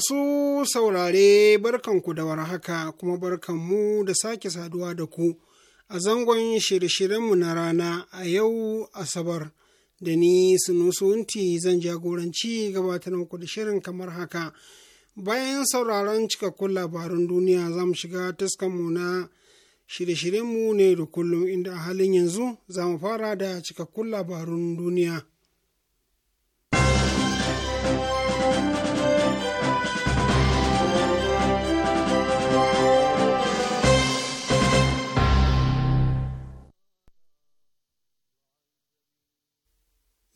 Masu saurare barkanku da warhaka kuma barkanmu da sake saduwa da ku a zangon shirye-shiryenmu na rana a yau Asabar da ni Sunusunti zan jagoranci gabatar muku da shirin kamar haka. Bayan sauraron cikakkun labarun duniya za mu shiga taskanmu na shirye-shiryenmu ne da kullum inda a halin yanzu za mu fara da cikakkun labarun duniya.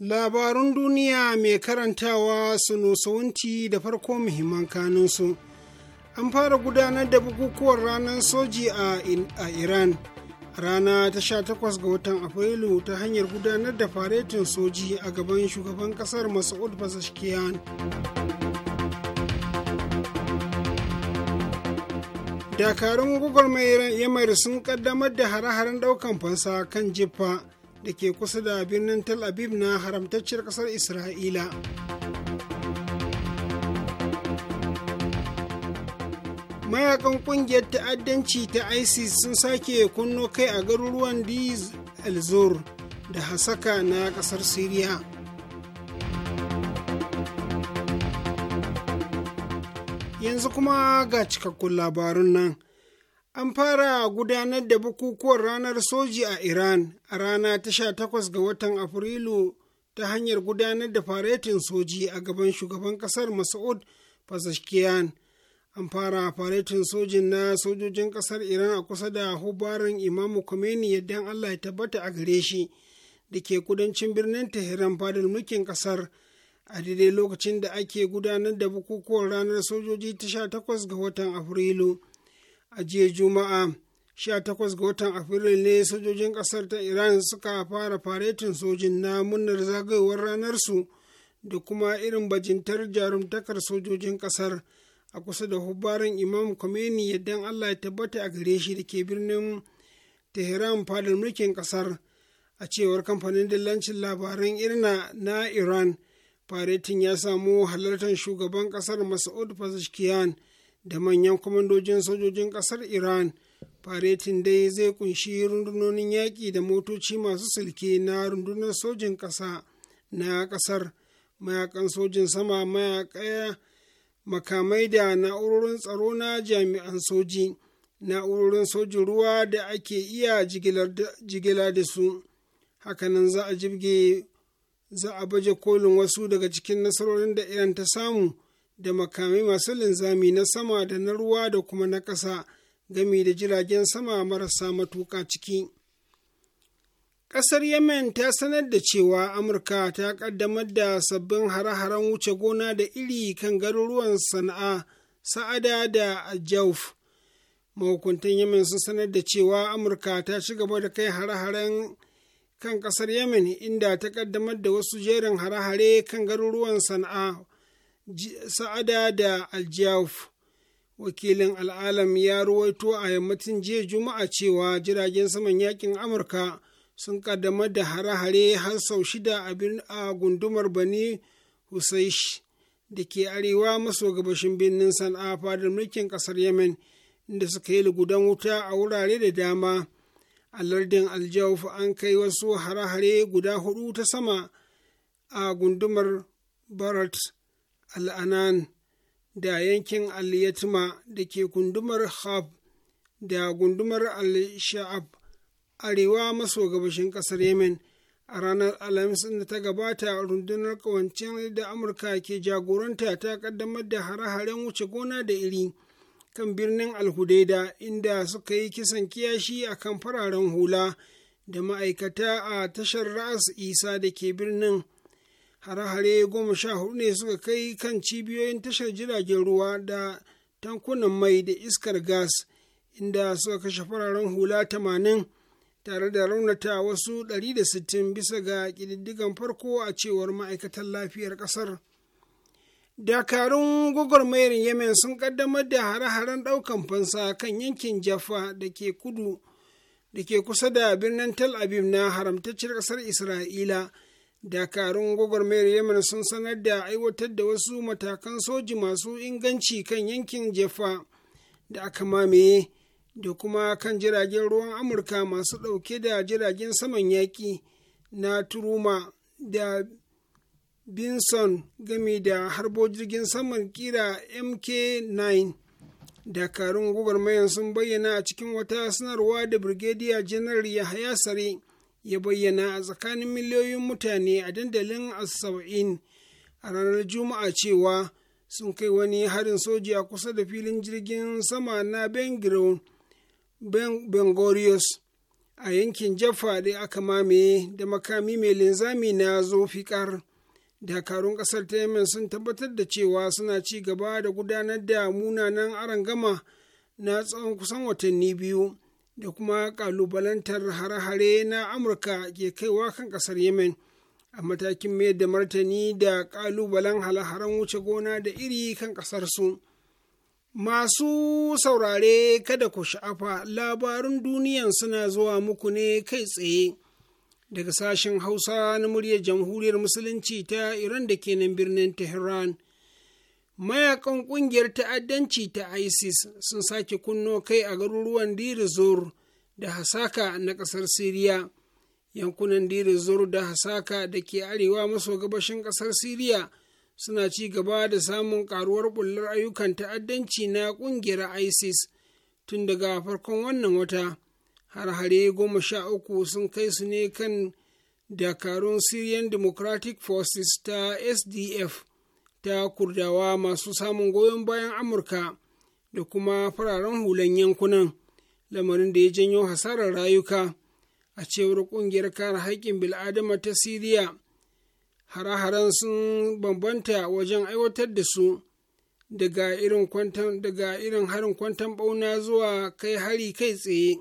Labarun duniya mai karantawa su sunusawunti da farko muhimman kanunsu. An fara gudanar da bukukuwan ranar soji a, Iran. Rana ta 18 ga watan Afrilu ta hanyar gudanar da faretin soji a gaban shugaban kasar Masaud Pezeshkian. Dakarun gwagwarmayar Yamari sun kaddamar da hare-haren daukan fansa kan jiffa. da ke kusa da birnin tel aviv na haramtacciyar ƙasar isra'ila mayakan ƙungiyar ta'addanci ta isis sun sake kunno kai a garuruwan diz elzor da hasaka na ƙasar Siriya. yanzu kuma ga cikakkun labarun nan An fara gudanar da bukukuwan ranar soji a Iran a rana ta takwas ga watan Afrilu ta hanyar gudanar da faretin soji a gaban shugaban kasar masoud Pezeshkian. An fara faretin sojin na sojojin kasar Iran a kusa da hubarin Imamu Khomeini yadda Allah ya tabbata a gare shi da ke kudancin birnin Tehran fadar mulkin kasar a daidai lokacin da ake gudanar da bukukuwan ranar sojoji ta 18 ga watan Afrilu. a jiya juma'a 18 ga watan afrilu ne sojojin kasar ta iran suka fara faretin sojin na munnar ranar su da kuma irin bajintar jarumtakar sojojin kasar a kusa da hubbarin imam Khomeini yadda allah ya tabbata a gare shi da ke birnin tehran fadar mulkin kasar a cewar kamfanin dillancin labaran irna na iran faretin ya samu halartar shugaban kasar mas'ud pezeshkian da manyan kwamandojin sojojin ƙasar iran faretin dai zai kunshi rundunonin yaƙi da motoci masu silke na rundunar sojin ƙasa na ƙasar mayakan sojin sama mayakaya makamai da na'urorin tsaro na jami'an soji na'urorin sojin ruwa da ake iya jigila da su hakanan za a jibge za a baje kolin wasu daga cikin nasarorin da iran ta samu da makamai masu linzami na sama da na ruwa da kuma na ƙasa gami da jiragen sama marasa matuƙa ciki. Ƙasar Yemen ta sanar da cewa Amurka ta ƙaddamar da sabbin hare-haren wuce gona da iri kan garuruwan sana'a sa'ada da jauf. Mahukuntan Yemen sun sanar da cewa Amurka ta ci gaba da kai hare-haren kan ƙasar Yemen inda ta ƙaddamar da wasu jerin hare-hare kan garuruwan sana'a. sa'ada da aljiyaf wakilin al'alam ya ruwaito a yammacin jiya juma'a cewa jiragen saman yakin amurka sun kaddamar da hare-hare har sau shida a gundumar bani husaish da ke arewa maso gabashin birnin sana'a fadar mulkin kasar yemen inda suka yi lugudan wuta a wurare da dama a lardin aljawuf an kai wasu hare-hare guda hudu ta sama a gundumar barat al'anan da yankin al’yatima da ke gundumar hab da gundumar al-sha'ab arewa maso gabashin ƙasar yemen a ranar alhamis da ta gabata rundunar kawancin da amurka ke jagoranta ta kaddamar da hare-haren wuce gona da iri kan birnin alhudaida inda suka yi kisan kiyashi a kan fararen hula da ma'aikata a tashar ra'as isa da ke birnin hare-hare goma sha hudu ne suka kai kan cibiyoyin tashar jiragen ruwa da tankunan mai da iskar gas inda suka kashe fararen hula tamanin tare da raunata wasu 160 bisa ga ƙididdigan farko a cewar ma'aikatan lafiyar ƙasar. dakarun gwagwarmayar yemen sun ƙaddamar da hare-haren ɗaukan fansa kan yankin jaffa da ke kudu da ke kusa da birnin tel aviv na haramtacciyar ƙasar isra'ila dakarun gwagwarmayar yemen sun sanar da aiwatar da wasu matakan soji masu inganci kan yankin jefa da aka mamaye da kuma kan jiragen ruwan amurka masu ɗauke da jiragen saman yaƙi na turuma da binson game da harbo jirgin saman kira mk9 dakarun gwagwarmayar sun bayyana a cikin wata sanarwa da brigadier general yahaya sare ya bayyana a tsakanin miliyoyin mutane a dandalin asaba'in a ranar juma'a cewa sun kai wani harin soji a kusa da filin jirgin sama na bengorius a yankin jaffa da aka mamaye da makami mai linzami na zofikar dakarun kasar ta yemen sun tabbatar da cewa suna ci gaba da gudanar da munanan arangama na tsawon kusan watanni biyu da kuma ƙalubalantar hare-hare na amurka ke kaiwa kan ƙasar yemen a matakin mayar da martani da ƙalubalen hare wuce gona da iri kan ƙasar su masu saurare kada ku sha'afa labarun duniyan suna zuwa muku ne kai tsaye daga sashen hausa na muryar jamhuriyar musulunci ta iran da ke birnin tehran mayakan ƙungiyar ta'addanci ta isis sun sake kunno kai a garuruwan dirizor da hasaka na ƙasar siriya yankunan dirizor da hasaka da ke arewa maso gabashin ƙasar siriya suna ci gaba da samun ƙaruwar bullar ayyukan ta'addanci na ƙungiyar isis tun daga farkon wannan wata har-hare goma sha uku sun kai su ne kan dakarun syrian democratic forces ta sdf ta kurdawa masu samun goyon bayan amurka da kuma fararen hulan yankunan lamarin da ya janyo hasarar rayuka a cewar kungiyar kare haƙƙin bil'adama ta siriya hare-haren sun bambanta wajen aiwatar da su daga irin harin kwantan bauna zuwa kai hari kai tsaye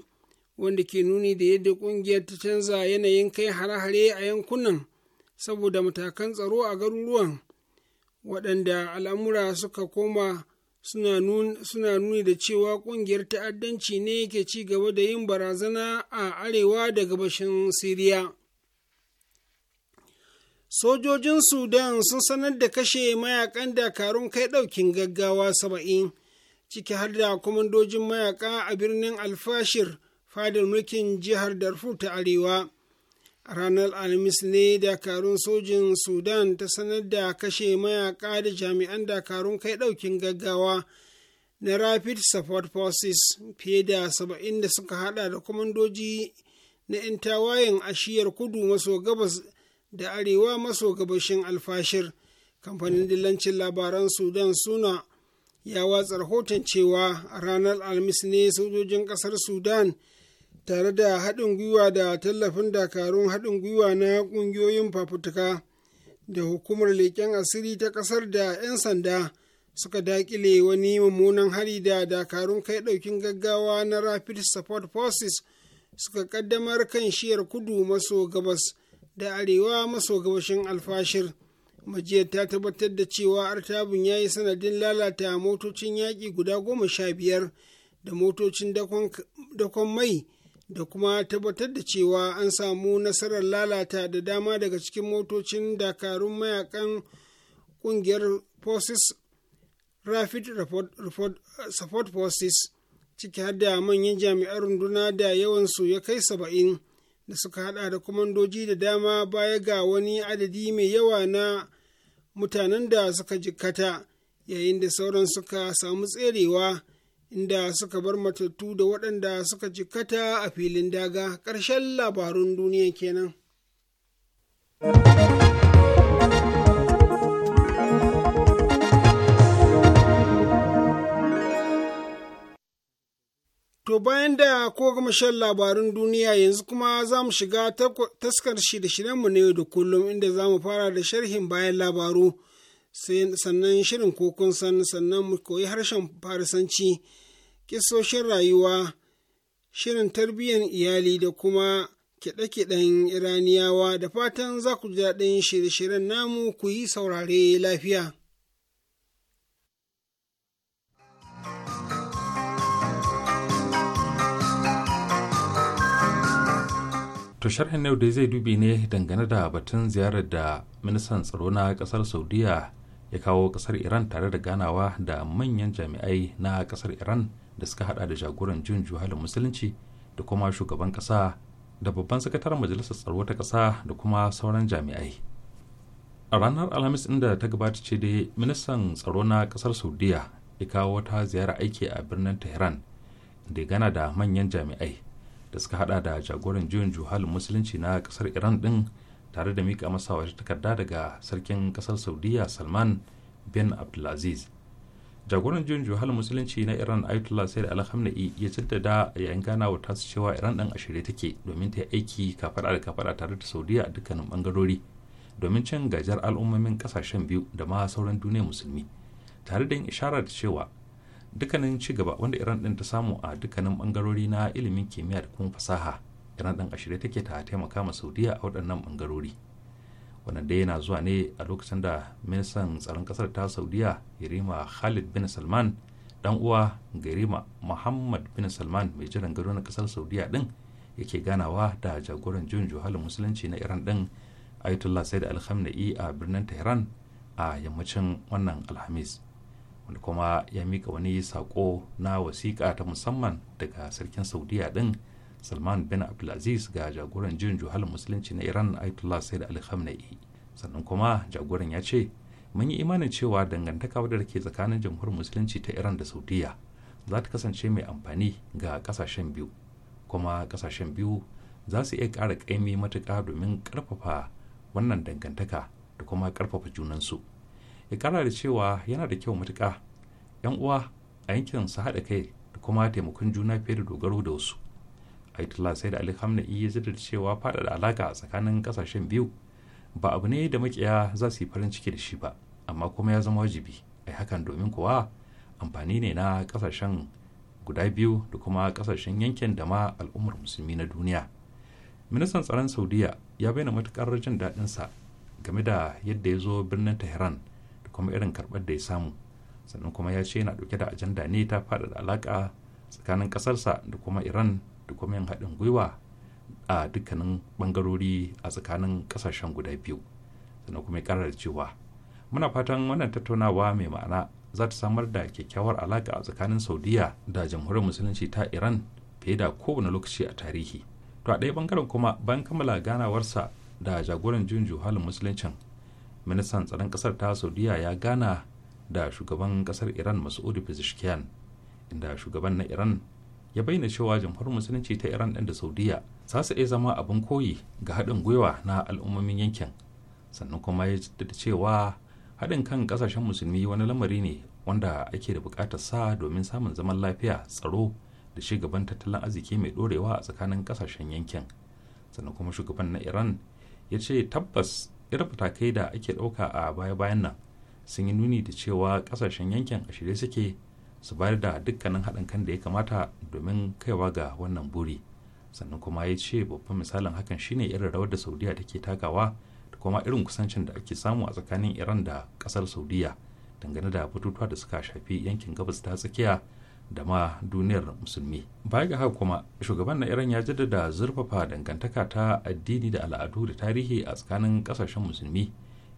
wanda ke nuni da yadda kungiyar ta canza yanayin kai hare-hare a yankunan saboda matakan tsaro a garuruwan waɗanda al'amura suka koma suna nuni da cewa ƙungiyar ta'addanci ne ke ci gaba da yin barazana a arewa da gabashin siriya sojojin sudan sun sanar da kashe mayakan dakarun kai ɗaukin gaggawa saba'in ciki har da kwamandojin mayaka a birnin alfashir fadar mulkin jihar darfur ta arewa ranar alhamis ne dakarun sojin sudan ta sanar da kashe mayaka da jami'an dakarun kai daukin gaggawa na rapid support forces fiye da saba'in da suka hada da kwamandoji na 'yan ashiyar kudu maso gabas da arewa maso gabashin alfashir kamfanin dillancin labaran sudan suna ya watsa rahoton cewa ranar alhamis ne sojojin kasar sudan tare da haɗin gwiwa da tallafin dakarun haɗin gwiwa na ƙungiyoyin fafutuka da hukumar leƙen asiri ta ƙasar da 'yan sanda suka daƙile wani mummunan hari da dakarun kai ɗaukin gaggawa na rapid support forces suka ƙaddamar kan shiyar kudu maso gabas da arewa maso gabashin alfashir majiyar ta tabbatar da cewa artabun ya yi sanadin lalata motocin yaƙi guda goma sha biyar da motocin dakon mai da kuma tabbatar da cewa an samu nasarar lalata da dama daga cikin motocin dakarun mayakan kungiyar forces rapid support forces ciki har da manyan jami'an runduna da yawansu ya kai saba'in da suka hada da kwamandoji da dama baya ga wani adadi mai yawa na mutanen da suka jikkata yayin da sauran suka samu tserewa inda suka bar matattu da waɗanda suka jikata a filin daga ƙarshen labarun duniya kenan. To bayan da ko gama shan labarun duniya yanzu kuma za mu shiga taskar shi da mu ne da kullum inda za mu fara da sharhin bayan labaru sannan shirin kokon sannan mu koyi harshen farisanci. kisoshin rayuwa shirin tarbiyyar iyali da kuma kiɗe-kiɗen iraniyawa da fatan za ku ji daɗin shirye-shiryen namu ku yi saurare lafiya. To sharhin yau dai zai dubi ne dangane da batun ziyarar da ministan tsaro na kasar Saudiya ya kawo kasar Iran tare da ganawa da manyan jami'ai na kasar Iran da suka hada da jagoran jin juhalin musulunci da kuma shugaban kasa da babban sakataren majalisar tsaro ta kasa da kuma sauran jami'ai a ranar alhamis inda ta gabata ce dai ministan tsaro na kasar saudiya ya kawo wata ziyara aiki a birnin tehran da ya gana da manyan jami'ai da suka hada da jagoran jin juhalin musulunci na kasar iran din tare da mika masa wata takarda daga sarkin kasar saudiya salman bin abdulaziz jagoran juyin juhal musulunci na iran ayatollah da al ya jaddada yayin ganawa wa tasu cewa iran din a shirye take domin ta yi aiki kafada da kafada tare da saudiya a dukkanin bangarori domin cin gajar al'ummomin kasashen biyu da ma sauran duniyar musulmi tare da yin ishara da cewa dukkanin ci gaba wanda iran din ta samu a dukkanin bangarori na ilimin kimiyya da kuma fasaha iran din a shirye take ta taimaka ma saudiya a waɗannan bangarori wannan dai yana zuwa ne a lokacin da ministan tsaron kasar ta saudiya yarima khalid bin salman dan uwa garima muhammad bin salman mai jiran gado na kasar saudiya din yake ganawa da jagoran juyin juhalin musulunci na iran din ayatollah da al a birnin tehran a yammacin wannan alhamis wanda kuma ya mika wani sako na wasiƙa ta musamman daga sarkin saudiya din salman bin abdulaziz ga jagoran jin juhalin musulunci na iran ayatollah said ali khamenei sannan kuma jagoran ya ce mun yi imanin cewa dangantaka wadda ke tsakanin jamhur musulunci ta iran da saudiya za ta kasance mai amfani ga kasashen biyu kuma kasashen biyu za su iya ƙara ƙaimi matuƙa domin ƙarfafa wannan dangantaka da kuma ƙarfafa junansu ya ƙara da cewa yana da kyau matuƙa 'yan uwa a yankin su haɗa kai da kuma taimakon juna fiye da dogaro da wasu Aitullah sai da Ali Khamenei ya da cewa faɗaɗa alaka tsakanin ƙasashen biyu ba abu ne da makiya za su yi farin ciki da shi ba amma kuma ya zama wajibi a hakan domin kuwa amfani ne na ƙasashen guda biyu da kuma ƙasashen yankin da ma al'ummar musulmi na duniya ministan tsaron saudiya ya bayyana matuƙar jin daɗin sa game da yadda ya zo birnin tehran da kuma irin karɓar da ya samu sannan kuma ya ce yana ɗauke da ajanda ne ta faɗaɗa alaƙa tsakanin ƙasarsa da kuma iran da kuma yin haɗin gwiwa a dukkanin bangarori a tsakanin ƙasashen guda biyu sannan kuma ya ƙara da cewa muna fatan wannan tattaunawa mai ma'ana za ta samar da kyakkyawar alaƙa a tsakanin saudiya da jamhuriyar musulunci ta iran fiye da kowane lokaci a tarihi to a ɗaya bangaren kuma bayan kammala ganawarsa da jagoran juyin juhalin musuluncin ministan tsaron ƙasar ta saudiya ya gana da shugaban ƙasar iran udi pezeshkian inda shugaban na iran ya bayyana cewa jamhuriyar musulunci ta iran ɗin da saudiya za su iya zama abin koyi ga haɗin gwiwa na al'ummomin yankin sannan kuma ya jaddada cewa haɗin kan ƙasashen musulmi wani lamari ne wanda ake da buƙatar sa domin samun zaman lafiya tsaro da shugaban tattalin arziki mai ɗorewa a tsakanin ƙasashen yankin sannan kuma shugaban na iran ya ce tabbas irin fatakai da ake ɗauka a baya-bayan nan sun yi nuni da cewa ƙasashen yankin a shirye suke su bayar da dukkanin haɗin kan da ya kamata domin kaiwa ga wannan buri sannan kuma ya ce babban misalin hakan shine irin rawar da saudiya take takawa da kuma irin kusancin da ake samu a tsakanin iran da ƙasar saudiya dangane da batutuwa da suka shafi yankin gabas ta tsakiya da ma duniyar musulmi baya ga haka kuma shugaban na iran ya jaddada zurfafa dangantaka ta addini da al'adu da tarihi a tsakanin kasashen musulmi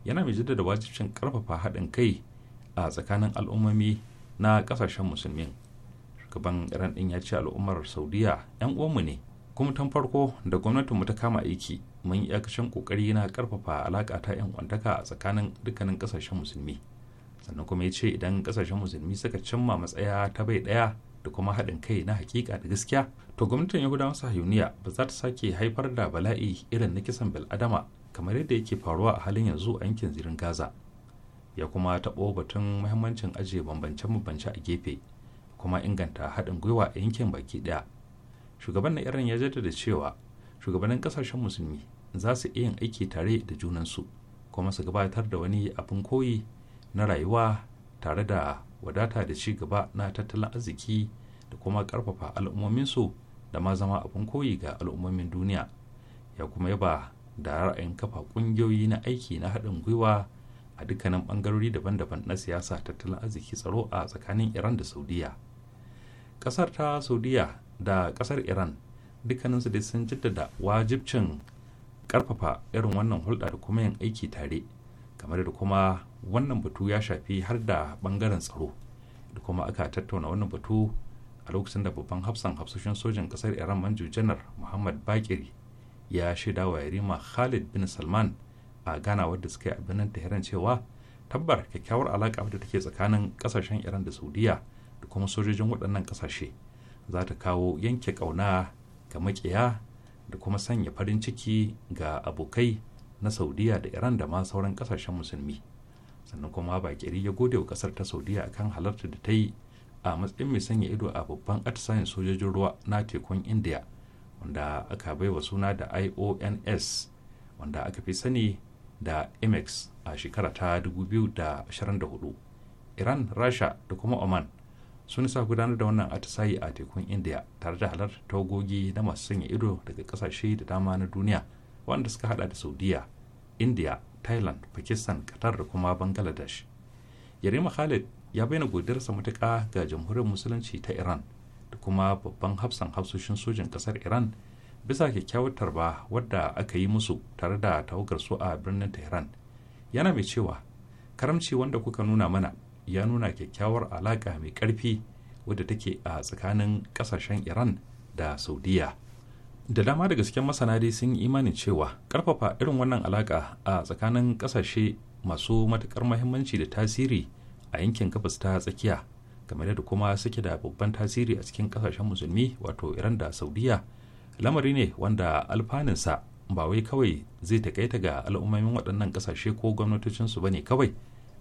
yana mai jaddada wajibcin karfafa haɗin kai a tsakanin al'ummomi na kasashen musulmin shugaban iran din ya ce al'ummar saudiya 'yan uwanmu ne kuma tun farko da gwamnatinmu ta kama aiki mun yi yakashin kokari na karfafa alaka ta 'yan kwantaka a tsakanin dukkanin kasashen musulmi sannan kuma ya ce idan kasashen musulmi suka cimma matsaya ta bai daya da kuma haɗin kai na hakika da gaskiya to gwamnatin yahudawan hauniya ba za ta sake haifar da bala'i irin na kisan bil'adama kamar yadda yake faruwa a halin yanzu a yankin zirin gaza ya kuma taɓo batun muhimmancin ajiye bambance-bambance a gefe kuma inganta haɗin gwiwa a yankin baki ɗaya shugaban na irin ya jaddada cewa shugabannin ƙasashen musulmi za su iya yin aiki tare da junansu kuma su gabatar da wani abin koyi na rayuwa tare da wadata da ci gaba na tattalin arziki da kuma ƙarfafa al'ummominsu da ma zama abin koyi ga al'ummomin duniya ya kuma yaba da ra'ayin kafa ƙungiyoyi na aiki na haɗin gwiwa a dukkanin bangarori daban-daban na siyasa tattalin arziki tsaro a tsakanin iran da saudiya kasar ta saudiya da kasar iran dukkaninsu dai sun jaddada wajibcin karfafa irin wannan hulɗa da kuma yin aiki tare kamar da kuma wannan batu ya shafi har da bangaren tsaro da kuma aka tattauna wannan batu a lokacin da babban hafsan hafsoshin sojin kasar iran manju janar muhammad bakiri ya shaida wa yarima khalid bin salman a ghana wadda suka yi a birnin tehran cewa tabbar kyakkyawar alaƙa wadda take tsakanin ƙasashen iran da saudiya da kuma sojojin waɗannan ƙasashe za ta kawo yanke ƙauna ga maƙiya da kuma sanya farin ciki ga abokai na saudiya da iran da ma sauran ƙasashen musulmi sannan kuma bakiri ya gode wa ƙasar ta saudiya akan halarta da ta yi a matsayin mai sanya ido a babban atisayen sojojin ruwa na tekun india wanda aka baiwa suna da ions wanda aka fi sani da MX a shekara ta 2024 iran rasha da kuma oman sun sa gudanar da wannan atisayi a tekun india tare da halar tagogi na masu sanya ido daga kasashe da dama na duniya wanda suka hada da saudiya india thailand pakistan qatar da kuma bangladesh yarima khalid ya bayyana godiyarsa matuƙa ga jamhuriyar musulunci ta iran da kuma babban hafsan hafsoshin sojin ƙasar iran bisa kyakkyawar tarba wadda aka yi musu tare da tawagar su a birnin tehran yana mai cewa karamci wanda kuka nuna mana ya nuna kyakkyawar alaƙa mai ƙarfi wadda take a tsakanin ƙasashen iran da saudiya da dama da gasken masana dai sun yi imanin cewa ƙarfafa irin wannan alaƙa a tsakanin ƙasashe masu matuƙar muhimmanci da tasiri a yankin gabas ta tsakiya game da kuma suke da babban tasiri a cikin ƙasashen musulmi wato iran da saudiya lamari ne wanda alfaninsa ba wai kawai zai takaita ga al'ummomin waɗannan ƙasashe ko gwamnatocinsu ba ne kawai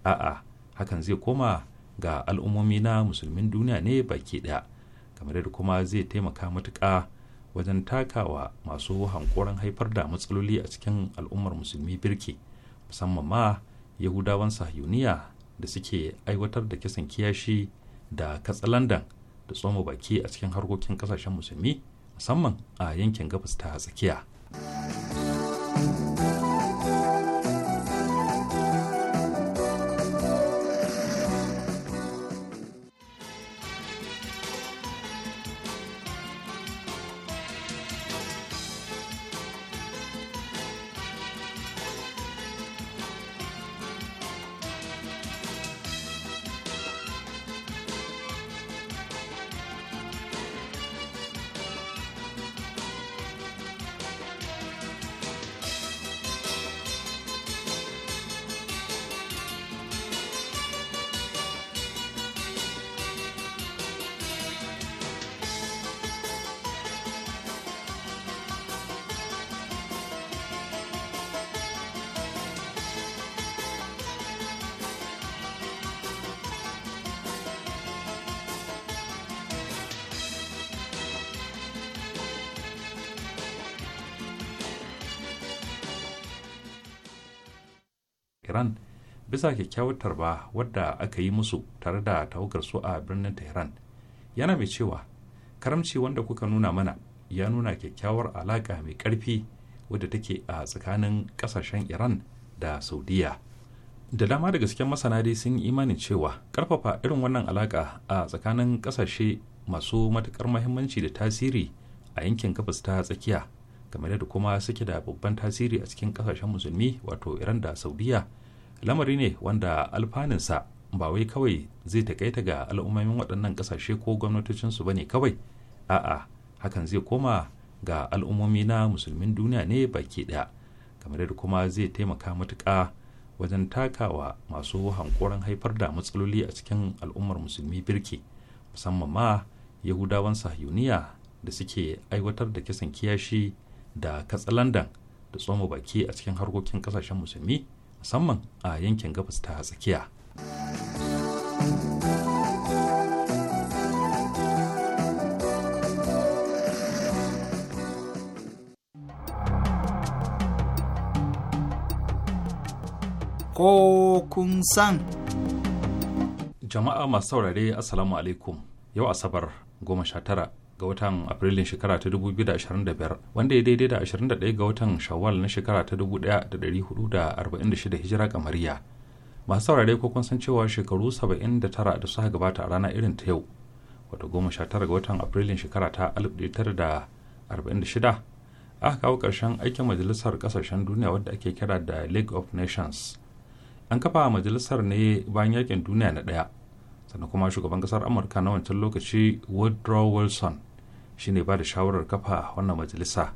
a'a hakan zai koma ga al'ummomi na musulmin duniya ne baki ɗaya kamar yadda kuma zai taimaka matuƙa wajen takawa masu hankoran haifar da matsaloli a cikin al'ummar musulmi birki musamman ma yahudawan sahiyuniya da suke aiwatar da kisan kiyashi da katsalandan da tsoma baki a cikin harkokin kasashen musulmi musamman a yankin gabas ta tsakiya. tehran bisa kyakkyawar tarba wadda aka yi musu tare da tawagar su a birnin tehran yana mai cewa karamci wanda kuka nuna mana ya nuna kyakkyawar alaƙa mai ƙarfi wadda take a tsakanin ƙasashen iran da saudiya da dama da gasken masana dai sun yi imanin cewa ƙarfafa irin wannan alaƙa a tsakanin ƙasashe masu matuƙar mahimmanci da tasiri a yankin gabas ta tsakiya game da kuma suke da babban tasiri a cikin ƙasashen musulmi wato iran da saudiya lamari ne wanda alfaninsa ba wai kawai zai takaita ga al'ummomin waɗannan ƙasashe ko gwamnatocinsu ba ne kawai a'a hakan zai koma ga al'ummomi na musulmin duniya ne baki ɗaya kamar yadda kuma zai taimaka matuƙa wajen takawa masu hankoran haifar da matsaloli a cikin al'ummar musulmi birki musamman ma yahudawan sahiyuniya da suke aiwatar da kisan kiyashi da katsalandan da tsoma baki a cikin harkokin ƙasashen musulmi musamman a yankin gabas ta tsakiya. Ko kun san. Jama'a masu saurare Assalamu alaikum, yau Asabar goma sha tara ga watan Afrilun shekara ta 2025 wanda ya daidai da 21 ga watan Shawwal na shekara ta 1446 Hijira kamariya. Masu saurare ko kun san cewa shekaru 79 da suka gabata a rana irin ta yau, wata 19 ga watan Afrilun shekara ta 1946 aka kawo karshen aikin majalisar kasashen duniya wadda ake kira da League of Nations. An kafa majalisar ne bayan yakin duniya na ɗaya sannan kuma shugaban kasar amurka na wancan lokaci woodrow wilson shine ba da shawarar kafa wannan majalisa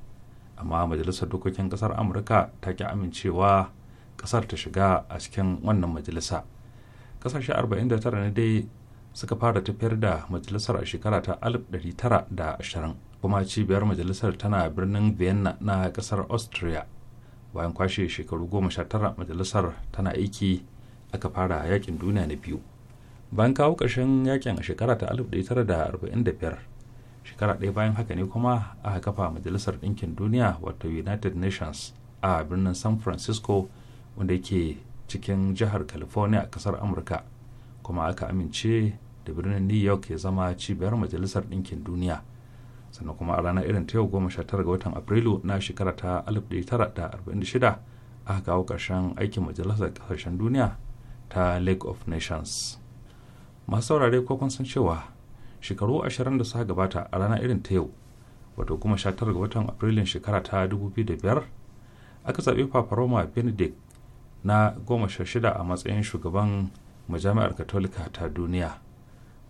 amma majalisar dokokin kasar amurka ta ki amincewa kasar ta shiga a cikin wannan majalisa kasashe 49 ne dai suka fara tafiyar da majalisar a shekara ta 1920 kuma cibiyar majalisar tana birnin vienna na kasar austria bayan kwashe shekaru goma sha tara majalisar tana aiki aka fara yakin duniya na biyu bayan kawo ƙarshen yakin a shekara ta 1945 shekara ɗaya bayan haka ne kuma a kafa majalisar ɗinkin duniya wato united nations a birnin san francisco wanda yake cikin jihar california a ƙasar amurka kuma aka amince da birnin new york ya zama cibiyar majalisar ɗinkin duniya sannan kuma a ranar irin ta yau goma sha tara ga watan afrilu na shekara ta 1946 aka kawo ƙarshen aikin majalisar ƙasashen duniya ta lake of nations masu saurare ko kun san cewa shekaru ashirin da suka gabata a ranar irin ta yau wato kuma sha ga watan afrilun shekara ta biyar aka zaɓi roma benedict na goma sha a matsayin shugaban majami'ar katolika ta duniya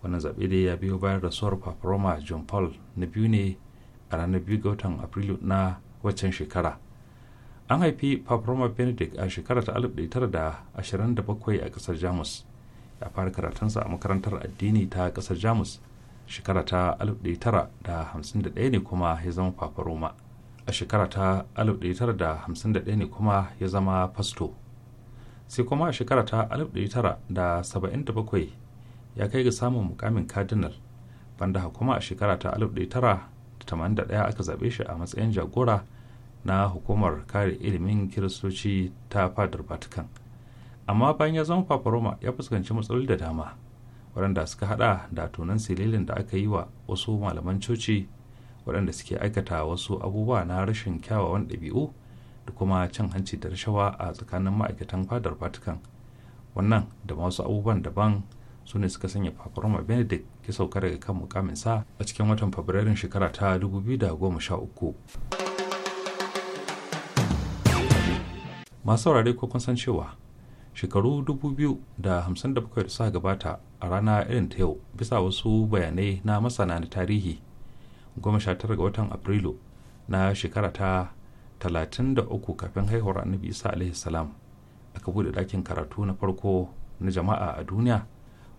wannan zaɓe dai ya biyo bayan rasuwar roma john paul na biyu ne a ranar biyu ga watan afrilu na waccan shekara an haifi roma benedict a shekara ta 1927 a ƙasar jamus ya fara karatunsa a makarantar addini ta ƙasar jamus shekara ta 1951 ne kuma ya zama fafaroma a shekara ta 1951 ne kuma ya zama fasto sai kuma a shekara ta 1977 ya kai ga samun mukamin cardinal banda kuma a shekara ta 1981 aka zaɓe shi a matsayin jagora na hukumar kare ilimin kiristoci ta fadar vatican amma bayan ya zama roma ya fuskanci matsaloli da dama waɗanda suka hada da tonan sililin da aka yi wa wasu malaman coci waɗanda suke aikata wasu abubuwa na rashin kyawawan ɗabi'u da kuma cin hanci da rashawa a tsakanin ma'aikatan fadar vatican wannan da masu abubuwan daban su ne suka sanya roma benedict ya sauka daga kan mukaminsa a cikin watan fabrairun shekara ta 2013 masu saurare ko kun san cewa shekaru 2057 da suka gabata a rana irin ta yau bisa wasu bayanai na masana na tarihi 19 ga watan afrilu na shekara ta 33 kafin haihuwar annabi isa alaihi salam aka bude ɗakin karatu na farko na jama'a a duniya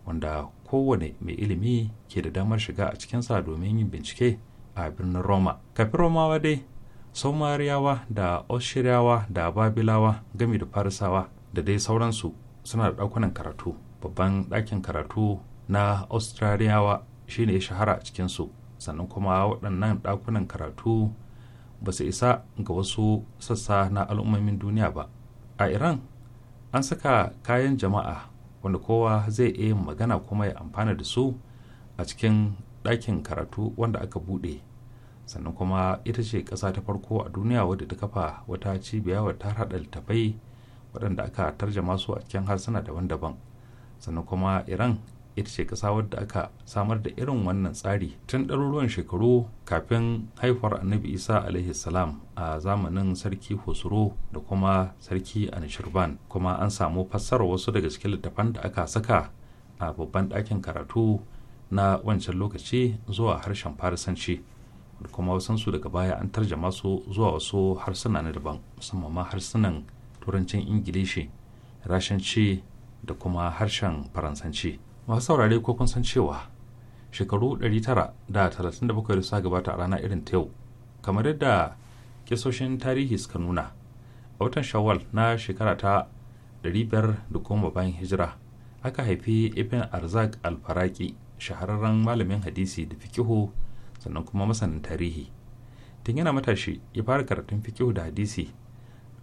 wanda kowane mai ilimi ke da damar shiga a cikinsa domin yin bincike a birnin roma kafin romawa dai somariyawa da oshiriyawa da babilawa gami da farisawa da dai sauransu suna da ɗakunan karatu babban ɗakin karatu na australiyawa shine ya shahara a cikinsu sannan kuma waɗannan ɗakunan karatu ba su isa ga wasu sassa na al'ummomin duniya ba a iran an saka kayan jama'a wanda kowa zai iya magana kuma ya amfana da su a cikin ɗakin karatu wanda aka buɗe sannan kuma ita ce ƙasa ta farko a duniya wadda ta kafa wata cibiya wadda ta haɗa littafai waɗanda aka tarjama su a cikin harsuna daban-daban sannan kuma iran ita ce ƙasa wadda aka samar da irin wannan tsari tun ɗaruruwan shekaru kafin haifar annabi isa alaihi salam a zamanin sarki husro da kuma sarki anishirban kuma an samu fassarar wasu daga cikin littafan da aka saka a babban ɗakin karatu na wancan lokaci zuwa harshen farisanci da kuma wasansu daga baya an tarjama su zuwa wasu harsuna na daban musamman ma harsunan turancin ingilishi rashanci da kuma harshen faransanci masu saurare ko kun san cewa shekaru 937 da suka gabata a rana irin ta yau kamar yadda kisoshin tarihi suka nuna a watan shawwal na shekara ta 510 bayan hijira aka haifi ibn arzak alfaraki shahararren malamin hadisi da fikihu sannan kuma masanin tarihi tun yana matashi ya fara karatun fikihu da hadisi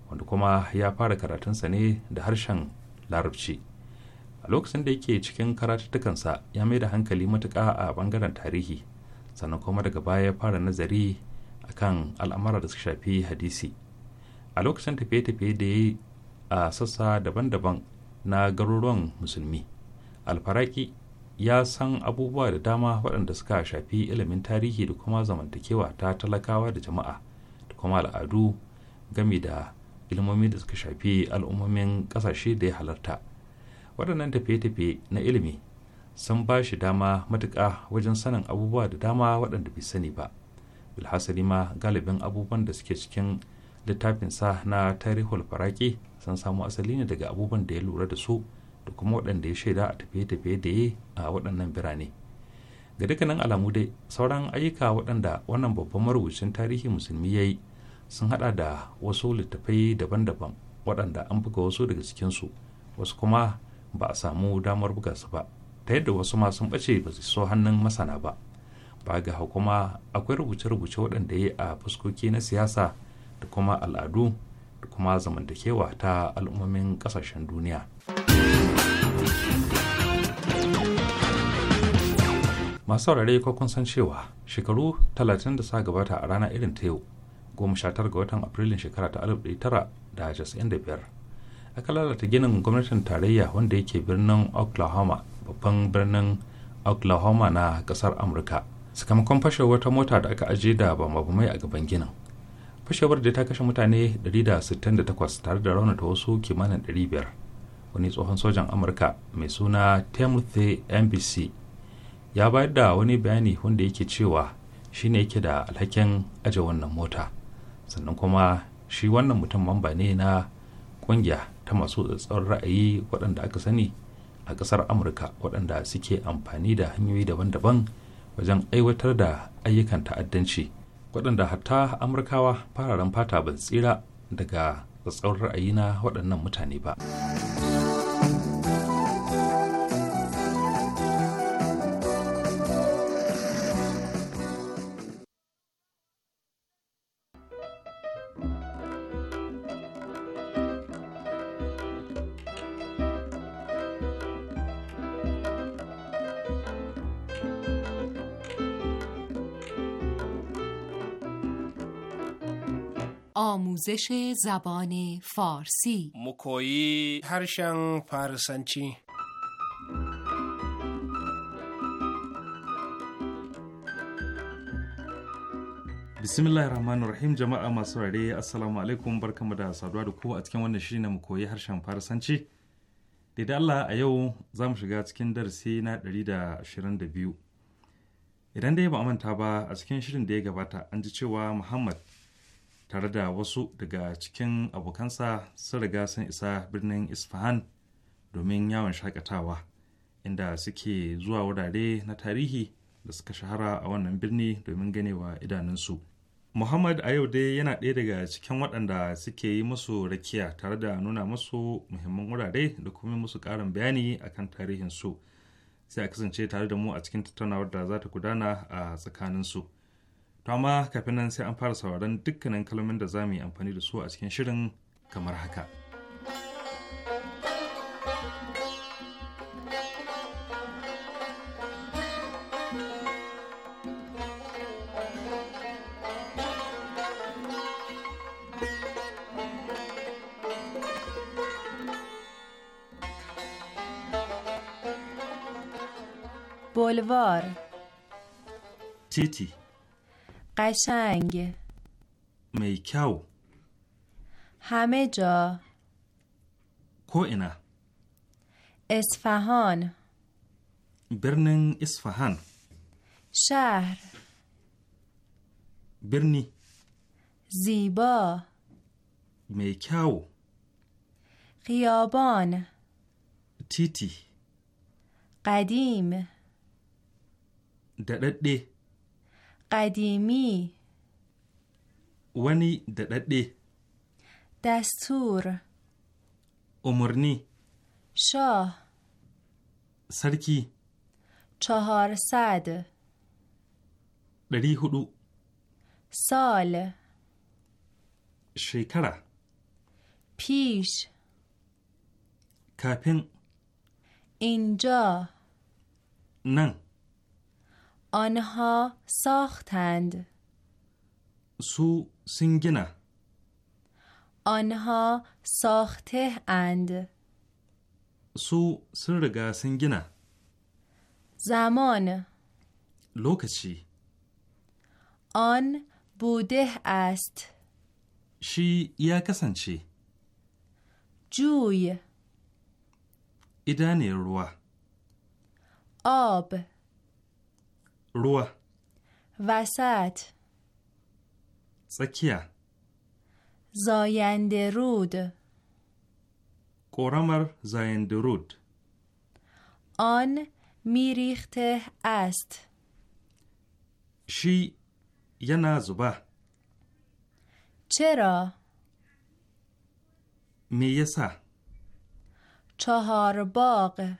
wanda kuma ya fara karatunsa ne da harshen larabci a lokacin da yake cikin karatuttukansa ya mai da hankali matuƙa a bangaren tarihi sannan kuma daga baya ya fara nazari a kan al'amara da suka shafi hadisi a lokacin tafiye-tafiye da ya yi a sassa daban-daban na garuruwan musulmi alfaraki ya san abubuwa da dama waɗanda suka shafi ilimin tarihi da kuma zamantakewa ta talakawa da jama'a da kuma al'adu game da ilmomi da suka shafi al'ummomin kasashe da ya halarta waɗannan tafiye-tafiye na ilimi sun ba shi dama matuƙa wajen sanin abubuwa da dama waɗanda bai sani ba bilhassali ma galibin abubuwan da suke cikin littafinsa na tarihul faraki sun samo asali ne daga abubuwan da ya lura da su da kuma waɗanda ya shaida a tafiye-tafiye da ya a waɗannan birane ga dukkanin alamu dai sauran ayyuka waɗanda wannan babban marubucin tarihi musulmi ya yi sun hada da wasu littafai daban-daban waɗanda an buga wasu daga cikinsu wasu kuma ba a samu damar buga su ba ta yadda wasu ma sun ɓace ba su so hannun masana ba ba ga kuma akwai rubuce-rubuce waɗanda ya yi a fuskoki na siyasa da kuma al'adu da kuma zamantakewa ta al'ummomin ƙasashen duniya. masu saurare ko san cewa shekaru 30 da sa gabata a rana irin ta yau goma tara ga watan afrilun shekara ta alif da da biyar aka lalata ginin gwamnatin tarayya wanda yake birnin oklahoma babban birnin oklahoma na kasar amurka sakamakon fashewar wata mota da aka ajiye da bamabamai a gaban ginin fashewar da ta kashe mutane 168 tare da raunata wasu kimanin 500 wani tsohon sojan amurka mai suna timothy mbc ya bayar da wani bayani wanda yake cewa shine yake da alhakin aje wannan mota sannan kuma shi wannan mutum mamba ne na kungiya ta masu tsatsar ra'ayi waɗanda aka sani a ƙasar amurka waɗanda suke amfani da hanyoyi daban-daban wajen aiwatar da ayyukan ta'addanci waɗanda hatta amurkawa fararen fata ba tsira daga tsatsar ra'ayi na waɗannan mutane ba. آموزش زبان koyi harshen هرشن فارسنچی bismillahir rahmanir rahim jama'a masu rare assalamu alaikum barkamu da saduwa da kowa a cikin wannan shiri na mu koyi harshen farasanci da Allah a yau za mu shiga cikin darasi na da biyu idan dai ba manta ba a cikin shirin da ya gabata an ji cewa muhammad tare da wasu daga cikin abokansa sun riga sun isa birnin isfahan domin yawon shakatawa inda suke zuwa wurare na tarihi da suka shahara a wannan birni domin ganewa idanunsu muhammad a yau dai yana ɗaya daga cikin waɗanda suke yi musu rakiya tare da nuna musu muhimman wurare da kuma musu ƙarin bayani akan tarihin su sai a kasance tare da mu a cikin tattaunawar da za ta gudana a tsakaninsu. su To amma kafin nan sai an fara sauraron dukkanin kalmomin da za mu yi amfani da su a cikin shirin kamar haka. bolvar. titi قشنگ میکاو همه جا کوئنا اصفهان برنن اصفهان شهر برنی زیبا میکاو خیابان تیتی قدیم دردده Kadimi. Wani da ɗaɗe. Dastur. Umarni. Sha. Sarki. Chahar Sad. Dari hudu. Sal. Shekara. Pish. Kafin. Injo. Nan. آنها ساختند سو سینگنه آنها ساخته اند سو سرگا سینگنه زمان لوکچی آن بوده است شی یا کسنچی جوی ایدانی روه آب روه وسط سکیه زاینده رود زایندرود زاینده رود آن میریخته است شی یه نازبه چرا؟ میسه چهار باغ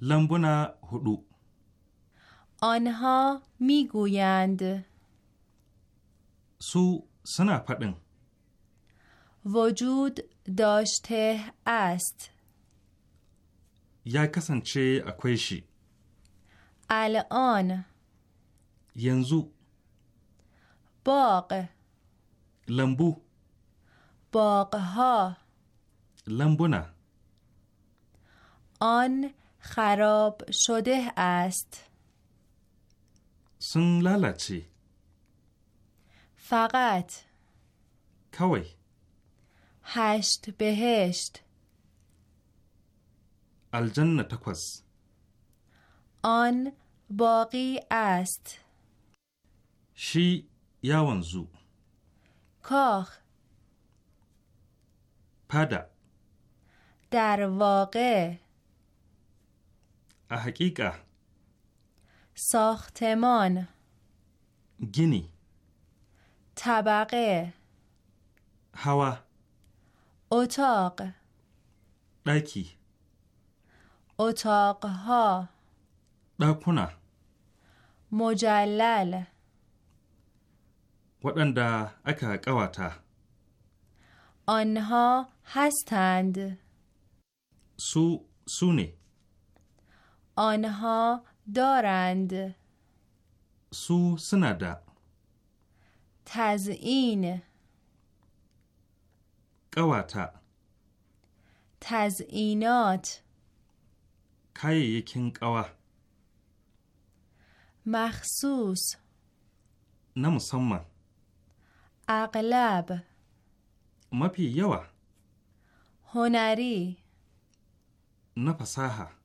لمبونا هدو آنها میگویند سو سنا پدن وجود داشته است یا کسنچه اکویشی الان ینزو باغ لمبو باغها لمبونا آن خراب شده است سن لالچی فقط کوی هشت بهشت الجنه تکوز آن باقی است شی یاونزو کاخ پدا در واقع احقیقه ساختمان گینی طبقه هوا اتاق دکی اتاقها ها مجلل waɗanda aka قواتا آنها هستند. سو سونه آنها دارند سو سندا تزئین قواتا تزئینات یکین قوا مخصوص نمسمم اغلب مپی یوا هنری نفساها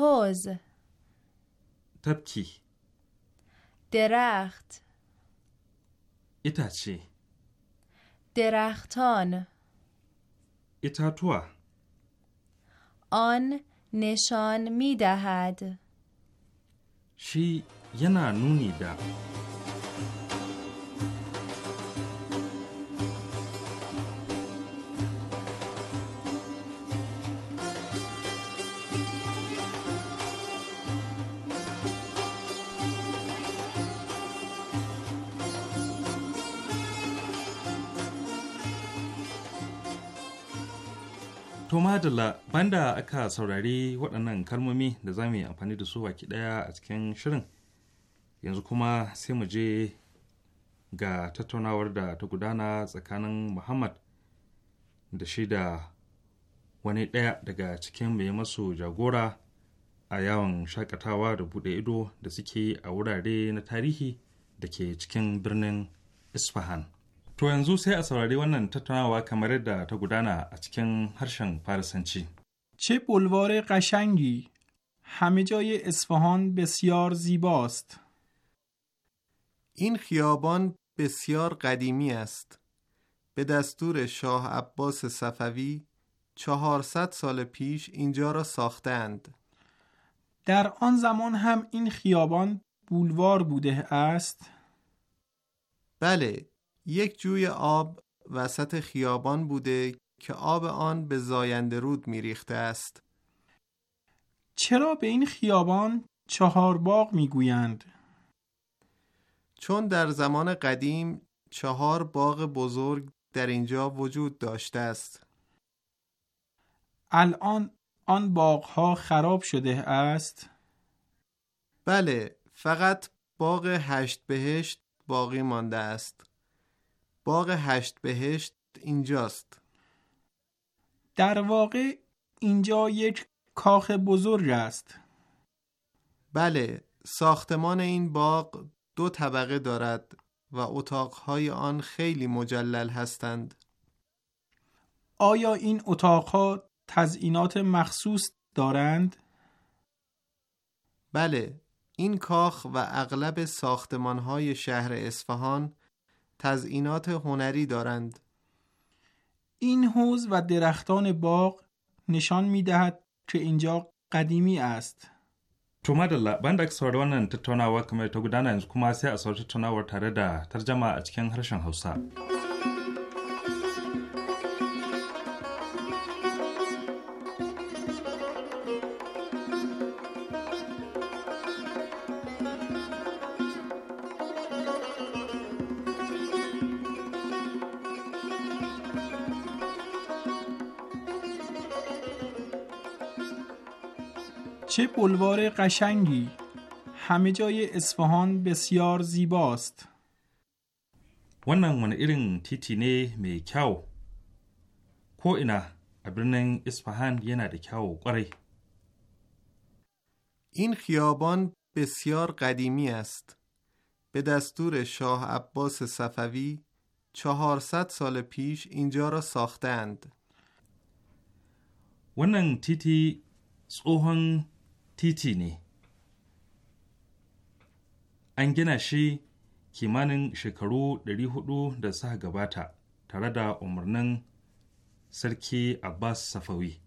حوز تبکی درخت ایتاچی درختان ایتاتوا آن نشان می دهد شی ینا نونی ده To madalla banda aka saurari waɗannan kalmomi da za mu yi amfani da su baki ɗaya a cikin shirin yanzu kuma sai mu je ga tattaunawar da ta gudana tsakanin Muhammad da shi da wani ɗaya daga cikin mai masu jagora a yawon shakatawa da buɗe ido da suke a wurare na tarihi da ke cikin birnin Isfahan. چه بلوار قشنگی همه جای اصفهان بسیار زیباست این خیابان بسیار قدیمی است به دستور شاه عباس صفوی 400 سال پیش اینجا را ساختند در آن زمان هم این خیابان بولوار بوده است بله یک جوی آب وسط خیابان بوده که آب آن به زاینده رود میریخته است چرا به این خیابان چهار باغ گویند؟ چون در زمان قدیم چهار باغ بزرگ در اینجا وجود داشته است الان آن ها خراب شده است؟ بله فقط باغ هشت بهشت باقی مانده است باغ هشت بهشت اینجاست در واقع اینجا یک کاخ بزرگ است بله ساختمان این باغ دو طبقه دارد و اتاقهای آن خیلی مجلل هستند آیا این اتاقها تزئینات مخصوص دارند؟ بله این کاخ و اغلب ساختمانهای شهر اصفهان تزئینات هنری دارند این حوز و درختان باغ نشان می که اینجا قدیمی است بندک tattaunawa kamar ta gudana yanzu kuma sai a tattaunawar چه بلوار قشنگی همه جای اصفهان بسیار زیباست wannan wani irin titi ne نه kyau ko ina a birnin isfahan yana این خیابان بسیار قدیمی است به دستور شاه عباس صفوی 400 سال پیش اینجا را ساختند. wannan تیتی tsohon titi ne an gina shi kimanin shekaru ɗari hudu da su gabata tare da umarnin sarki abbas safawi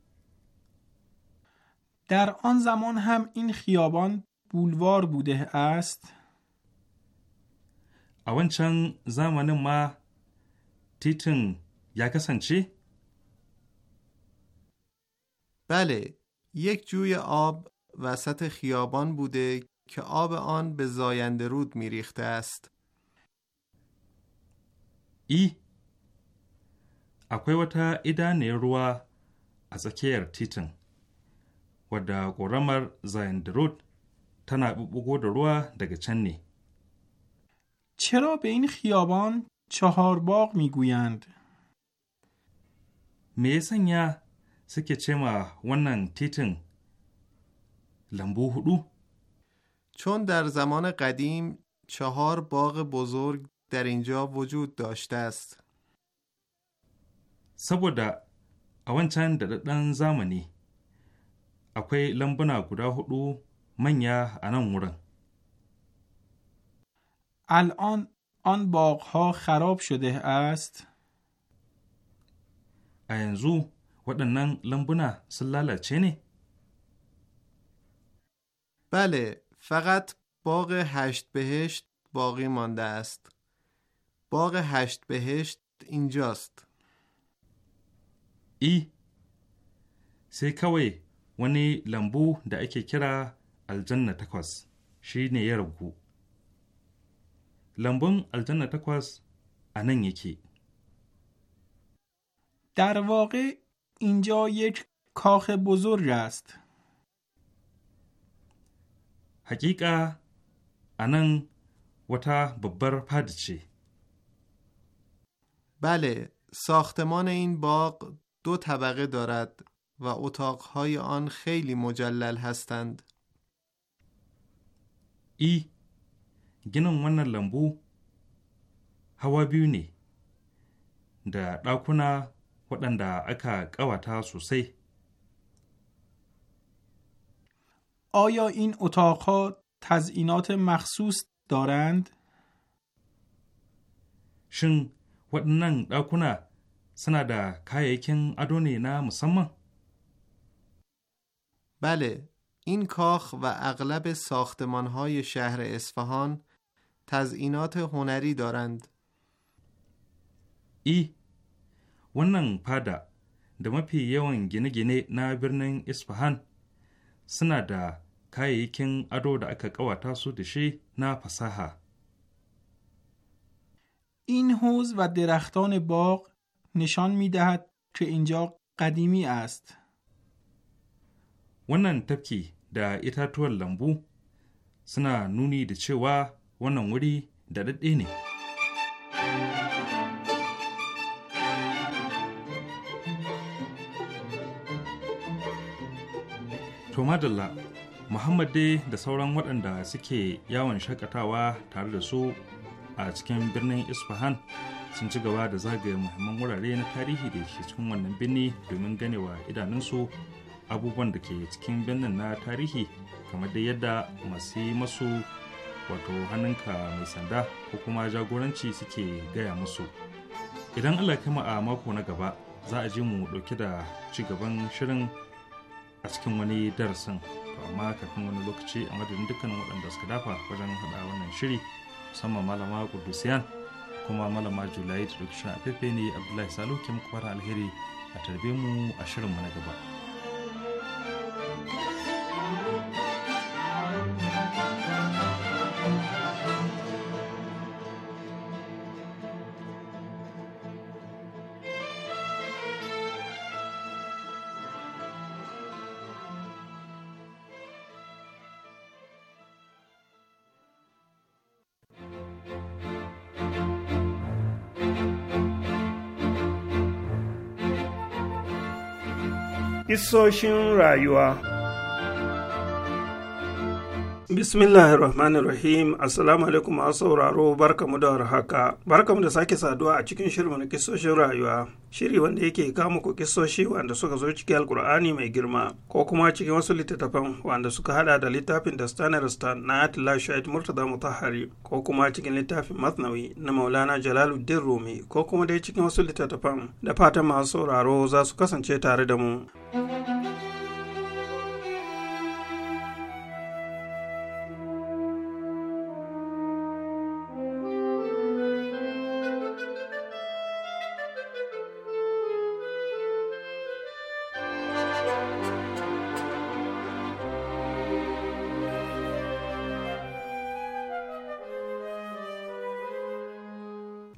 در آن زمان هم این خیابان بولوار بوده است اون چند زمان ما تیتن یا کسان چی؟ بله یک جوی آب وسط خیابان بوده که آب آن به زاینده رود میریخته است ای اکوی وطا ایدان روه از اکیر تیتن و دا گرامر زاینده رود تنا بگو در دگه چنی چرا به این خیابان چهار باغ میگویند؟ میسن یا سکه چه ما ونن لمبو هدو چون در زمان قدیم چهار باغ بزرگ در اینجا وجود داشته است سبودا اوان چند دردن زمانی اکوی لمبنا گدا هدو منیا انان ورن الان آن باغ ها خراب شده است اینزو ودنن لمبونا lambuna sun بله فقط باغ هشت بهشت باقی مانده است باغ هشت بهشت اینجاست ای سی کوی ونی لمبو دا اکی کرا الجنة تکوس شینه یه رگو لمبون الجنة تکوس انن یکی در واقع اینجا یک کاخ بزرگ است Hakika a nan wata babbar fadi ce. bale ساختمان این باغ دو طبقه دارد و اتاقهای آن خیلی مجلل هستند ای گینن wannan lambu hawa biyu ne da ɗakuna waɗanda aka ƙawata sosai آیا این اتاقها تزئینات مخصوص دارند؟ شن ودنن داکونا سنا دا کای ادونی بله این کاخ و اغلب ساختمان های شهر اصفهان تزئینات هنری دارند ای ونن پادا دمپی یون گینه گینه نا بیرنن اصفهان suna da kayayyakin ado da aka ƙawata su da shi na fasaha. این حوز و درختان باغ نشان می دهد که اینجا قدیمی است. wannan tafki da itatuwan lambu suna nuni da cewa wannan wuri da daɗe ne. to madalla muhammad dai da sauran waɗanda suke yawon shakatawa tare da su a cikin birnin isfahan sun ci gaba da zagaye muhimman wurare na tarihi da ke cikin wannan birni domin ganewa idanunsu abubuwan da ke cikin birnin na tarihi kamar da yadda masu masu wato hannunka mai sanda ko kuma jagoranci suke gaya musu idan allah kama a mako na gaba za a ji mu dauke da ci gaban shirin a cikin wani darasin amma kafin wani lokaci a madadin dukkanin waɗanda suka dafa wajen haɗa wannan shiri musamman malama kudusiyan kuma malama julai da dukkan a ne abdullahi salo ke muku fara alheri a tarbe mu a shirinmu na gaba. Isoshin rayuwa Bismillahirrahmanirrahim. Rahim. Assalamu alaikum a sauraro barkamu da warhaka. Barkamu da sake saduwa a cikin shirin na kisoshin rayuwa. Shiri wanda yake kama ku kisoshi wanda suka zo cikin Alkur'ani mai girma ko kuma cikin wasu littattafan wanda suka hada da littafin da Stanar Stan na Atila Shahid Murtaza Mutahari ko kuma cikin littafin Masnawi na Maulana Jalaluddin Rumi ko kuma dai cikin wasu littattafan da fatan masu sauraro za su kasance tare da mu.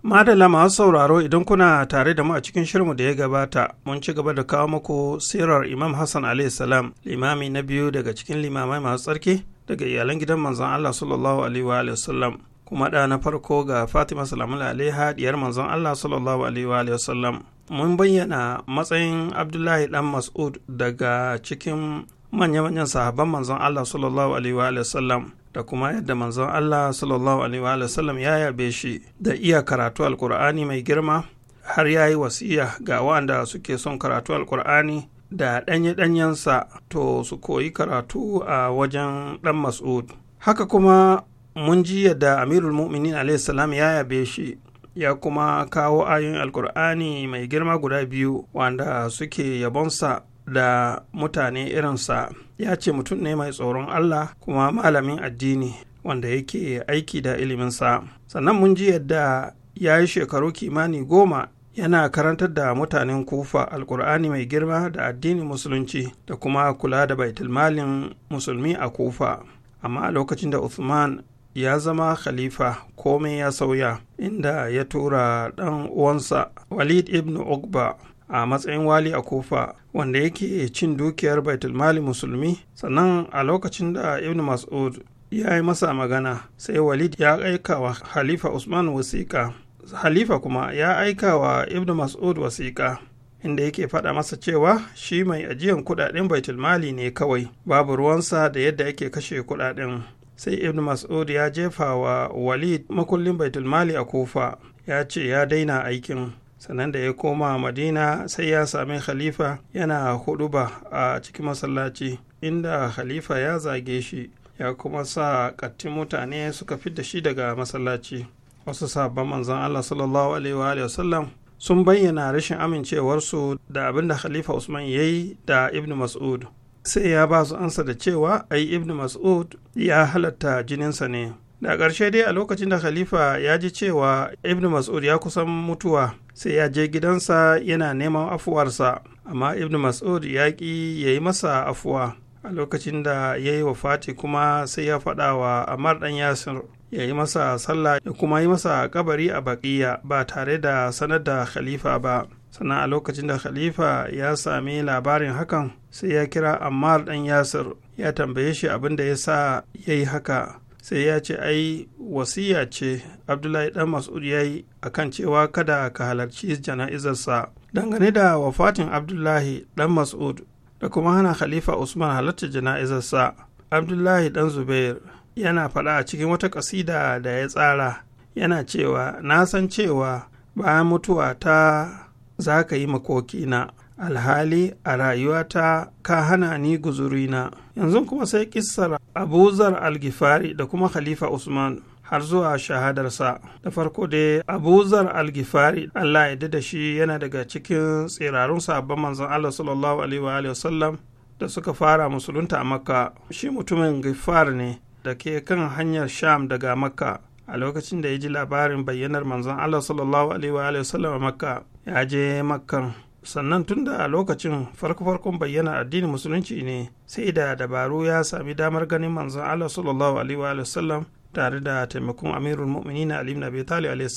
Madalama masu sauraro idan kuna tare da mu a cikin shirmu da ya gabata mun ci gaba da kawo muku sirar Imam Hassan salam limami na biyu daga cikin limamai masu tsarki daga iyalan gidan manzon Allah sallallahu alaihi wa sallam kuma da na farko ga Fatima salamu alaiha diyar manzon Allah sallallahu alaihi wa sallam mun bayyana matsayin Abdullahi dan Mas'ud daga cikin manya-manyan sahabban manzon Allah sallallahu alaihi wa sallam da kuma yadda manzon Allah sallallahu alaihi ya yabe shi da iya karatu alkur'ani mai girma har ya yi wasiya ga wanda suke son karatu alkur'ani da ɗanye-ɗanyensa to su koyi karatu a wajen ɗan mas'ud haka kuma mun ji yadda amirul mu'minin salam ya yabe shi ya kuma kawo ayoyin alkur'ani mai girma guda biyu wanda suke yabonsa da mutane irinsa ya ce mutum ne mai tsoron Allah kuma malamin addini wanda yake aiki da iliminsa sannan mun ji yadda ya yi shekaru kimani goma yana karantar da mutanen kufa alkur'ani mai girma da addinin musulunci da kuma kula da baitulmalin musulmi a kufa amma a lokacin da Usman ya zama khalifa komai ya sauya inda ya tura ɗan uwansa walid ibn ugba a matsayin wali a kofa wanda yake cin dukiyar baitulmali musulmi sannan a lokacin da ibn mas'ud ya yi masa magana sai walid ya aika wa halifa usman wasiƙa halifa kuma ya aika wa ibn mas'ud wasiƙa inda yake faɗa masa cewa shi mai ajiyan kuɗaɗen baitulmali ne kawai babu ruwansa da yadda yake kashe kuɗaɗen sai ibn mas'ud ya jefa wa walid makullin baitulmali a kofa ya ce ya daina aikin sannan da ya koma madina sai ya sami khalifa yana huduba a cikin masallaci inda khalifa ya zage shi ya kuma sa kattin mutane suka fidda shi daga masallaci wasu sabon manzon allah sallallahu alaihi sallam sun bayyana rashin amincewarsu da abin da khalifa usman ya yi da ibn mas'ud sai ya ba su ansa da cewa ai ibn mas'ud ya halatta jininsa ne da ƙarshe dai a lokacin da khalifa ya ji cewa ibn mas'ud ya kusan mutuwa sai ya je gidansa yana neman afuwarsa amma ibn mas'ud ya ƙi ya yi masa afuwa a lokacin da ya yi wa fati kuma sai ya faɗa wa amar ɗan yasir ya yi masa sallah ya kuma yi masa kabari a baƙiya ba tare da sanar da khalifa ba sannan a lokacin da khalifa ya sami labarin hakan sai ya kira ammar ɗan yasir ya tambaye shi abin da ya sa ya yi haka sai ya ce ai wasiya ce abdullahi dan mas'ud ya yi a kan cewa kada ka halarci jana'izarsa dangane da wafatin abdullahi dan mas'ud da kuma hana khalifa usman halarta jana'izarsa abdullahi dan zubair yana faɗa a cikin wata ƙasida da ya tsara yana cewa na san cewa bayan mutuwa ta za ka yi makokina alhali a rayuwata ka hana ni guzurina yanzu kuma sai kissar abuzar algifari da kuma khalifa usman har zuwa shahadarsa da farko dai abuzar algifari allah ya da shi yana daga cikin tsirarun sabon manzon allah sallallahu alaihi wa da suka fara musulunta a makka shi mutumin gifar ne da ke kan hanyar sham daga makka a lokacin da ya ji labarin bayyanar manzon allah sallallahu alaihi wa sallam a makka ya je makkan sannan tun da a lokacin farko-farkon bayyana addinin musulunci ne sai da dabaru ya sami damar ganin manzon Allah sallallahu alaihi wa sallam tare da taimakon amirul mu'minin Ali ibn Abi Talib alaihi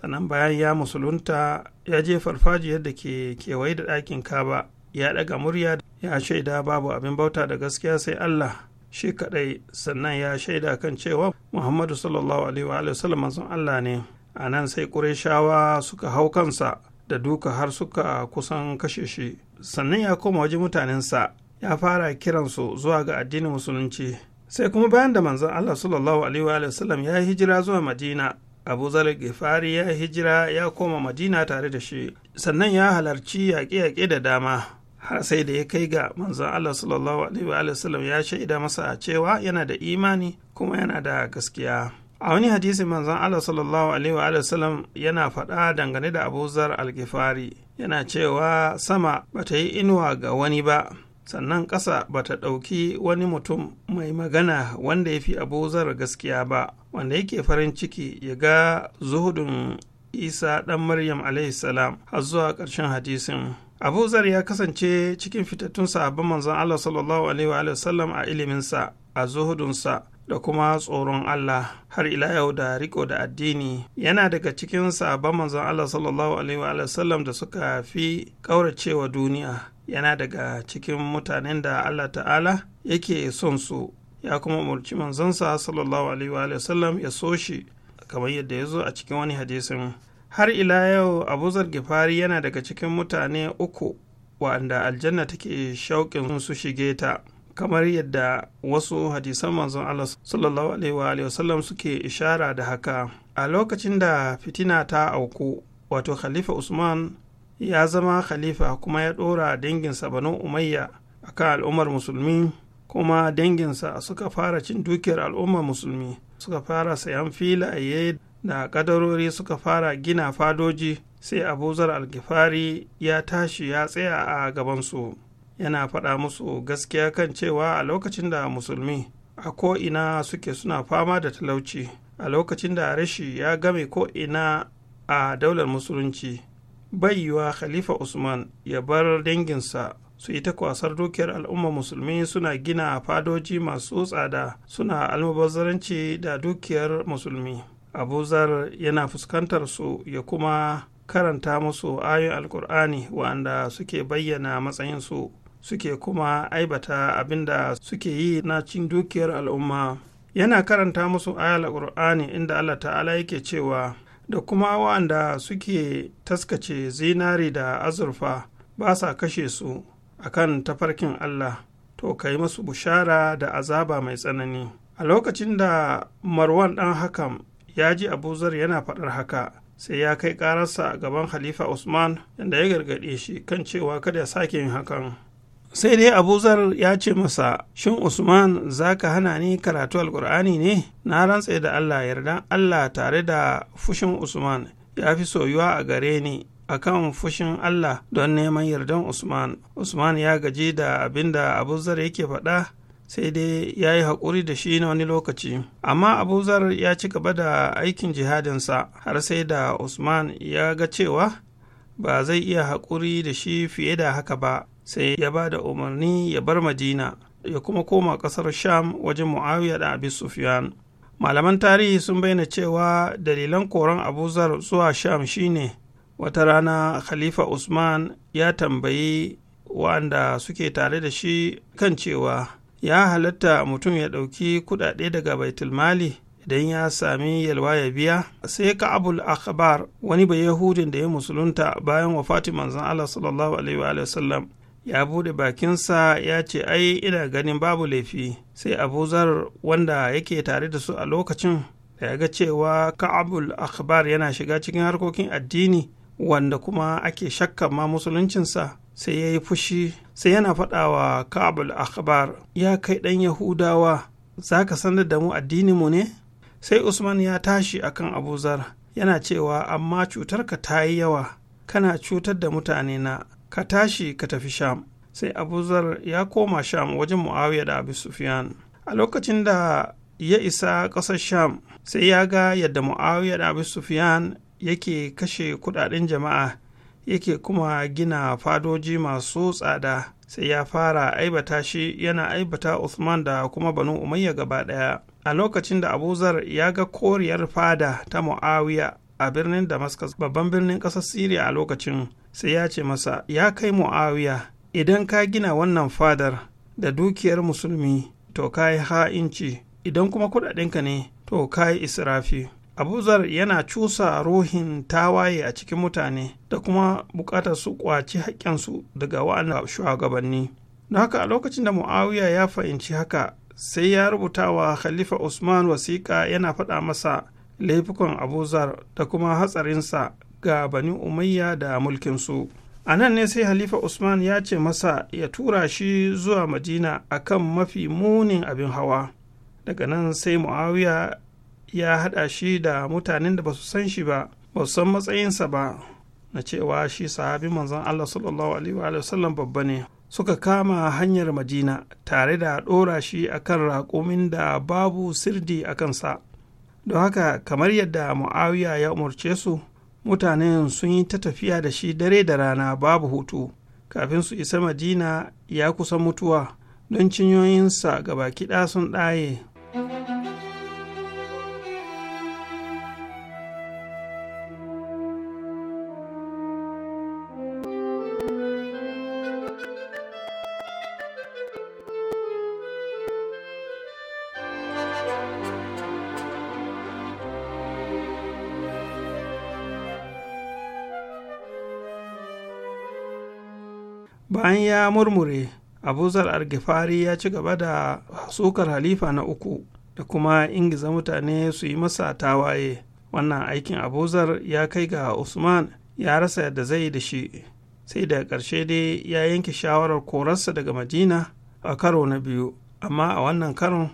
sannan bayan ya musulunta ya je farfajiyar da ke kewaye da ɗakin Kaba ya ɗaga murya ya shaida babu abin bauta da gaskiya sai Allah shi kaɗai sannan ya shaida kan cewa Muhammadu sallallahu alaihi wa sallam manzon Allah ne a nan sai Qurayshawa suka hau kansa da duka har suka kusan kashe shi sannan ya koma waje mutanensa ya fara kiransu zuwa ga addinin musulunci sai kuma bayan da manzon Allah sallallahu alaihi wa sallam ya yi hijira zuwa Madina Abu Zar Gifari ya hijira ya koma Madina tare da shi sannan ya halarci yaƙe-yaƙe da dama har sai da ya kai ga manzon Allah sallallahu alaihi wa sallam ya shaida masa cewa yana da imani kuma yana da gaskiya a wani hadisi manzon Allah sallallahu alaihi wa sallam yana faɗa dangane da Abu Zar al-Ghifari yana cewa sama bata yi inuwa ga wani ba sannan ƙasa bata ɗauki wani mutum mai magana wanda ya fi Abu gaskiya ba wanda yake farin ciki ya ga zuhudun Isa ɗan Maryam alaihi salam har zuwa ƙarshen hadisin Abu Zar ya kasance cikin fitattun sahabban manzon Allah sallallahu alaihi wa sallam a iliminsa a zuhudunsa da kuma tsoron Allah har ila yau da riko da addini yana daga cikin sabon manzon Allah sallallahu alaihi wa sallam da suka fi ƙauracewa duniya yana daga cikin mutanen da Allah ta'ala yake son su ya kuma umarci manzonsa sallallahu alaihi wa sallam ya so shi kamar yadda ya zo a cikin wani hadisin har ila yau abuzar gifari yana daga cikin mutane uku wa'anda aljanna take shauƙin su shige ta kamar yadda wasu hadisan manzon Allah sallallahu alaihi sallam suke ishara da haka a lokacin da fitina ta auku wato khalifa usman ya zama khalifa kuma ya ɗora danginsa banu umayya akan al'ummar musulmi kuma danginsa suka fara cin dukiyar al'ummar musulmi suka fara sayan filaye da kadarori suka fara gina fadoji sai abu zar algifari ya tashi ya tsaya a gabansu yana faɗa musu gaskiya kan cewa a lokacin da musulmi a ko'ina suke suna fama da talauci a lokacin da rashi ya game ko'ina a daular musulunci yiwa khalifa usman ya bar danginsa su yi ta kwasar dukiyar al'umma musulmi suna gina fadoji masu tsada suna almubazzaranci da dukiyar musulmi abuzar yana fuskantar su ya kuma karanta musu ayoyin alkur'ani wa'anda suke bayyana matsayinsu suke kuma aibata abinda suke yi na cin dukiyar al'umma yana karanta musu ayal qur'ani inda Allah ta'ala yake cewa da kuma wa'anda suke taskace zinari da azurfa ba sa kashe su a kan tafarkin Allah to ka yi masu bushara da azaba mai tsanani a lokacin da marwan ɗan hakan ya ji abuzar yana faɗar haka sai ya kai ƙararsa a gaban halifa usman inda ya gargaɗe shi kan cewa kada ya sake yin hakan sai dai abuzar ya ce masa shin usman za ka hana ni karatu alkur'ani ne na rantse da allah yarda allah tare da fushin usman ya fi soyuwa a gare ni akan fushin allah don neman yardan usman usman ya gaji da abin da abuzar yake faɗa sai dai ya yi haƙuri da shi na wani lokaci amma abuzar ya ci gaba da aikin jihadinsa har sai da usman ya ga cewa ba zai iya haƙuri da shi fiye da haka ba sai ya ba da umarni ya bar madina ya kuma koma ƙasar sham wajen muawiya da abi sufyan malaman tarihi sun bayyana cewa dalilan koron abuzar zuwa sham shine wata rana khalifa usman ya tambayi wa'anda suke tare da shi kan cewa ya halatta mutum ya ɗauki kuɗaɗe daga baitulmali idan ya sami yalwa ya biya sai ka abul akhbar wani bai yahudin da ya musulunta bayan wafatin manzon allah sallallahu alaihi wa sallam ya bude bakinsa ya ce ai ina ganin babu laifi sai abuzar wanda yake tare da su a lokacin da ya ga cewa ka'abul akhbar yana shiga cikin harkokin addini wanda kuma ake shakka ma musuluncinsa sai ya yi fushi sai yana faɗawa ka'abul akhbar ya kai ɗan yahudawa za ka sanar da mu addininmu ne sai usman ya tashi akan abuzar yana cewa amma cutarka ta yi yawa kana cutar da mutane na ka tashi ka tafi sham sai abuzar ya koma sham wajen muawiya da abu sufiyan a lokacin da ya isa ƙasar sham sai ya ga yadda muawiya da abu sufiyan yake kashe kudaden jama'a yake kuma gina fadoji masu tsada sai ya fara aibata shi yana aibata Usman da kuma Banu Umayya gaba ɗaya. A lokacin da Abuzar ya ga koriyar fada ta Muawiya a birnin Damascus babban birnin ƙasar Siriya a lokacin sai ya ce masa ya kai mu'awiya idan ka gina wannan fadar da dukiyar musulmi to ka yi ha'inci idan kuma kuɗaɗenka ne to ka yi israfi abuzar yana cusa ruhin tawaye a cikin mutane da kuma bukatar su kwaci haƙƙinsu daga wa'anda shugabanni don haka a lokacin da mu'awiya ya fahimci haka sai ya rubuta wa khalifa usman wasiƙa yana faɗa masa laifukan abuzar da kuma hatsarinsa ga bani umayya da mulkinsu a nan ne sai halifa usman ya ce masa ya tura shi zuwa madina akan mafi munin abin hawa daga nan sai muawiya ya haɗa shi da mutanen da ba su san shi ba ba su san matsayinsa ba na cewa shi sahabi manzon allah sallallahu alaihi wa sallam babba ne suka kama hanyar madina tare da ɗora shi akan raƙumin da babu sirdi a kansa don haka kamar yadda muawiya ya umarce su mutanen sun yi ta tafiya da shi dare da rana babu hutu kafin su isa madina ya kusa mutuwa don cinyoyinsa gaba kiɗa sun ɗaye. bayan ya murmure abuzar argifari ya ci gaba da sukar halifa na uku da kuma ingiza mutane su yi masa tawaye wannan aikin abuzar ya kai ga usman ya rasa yadda zai yi da shi sai da ƙarshe dai ya yanke shawarar korarsa daga madina a karo na biyu amma a wannan karon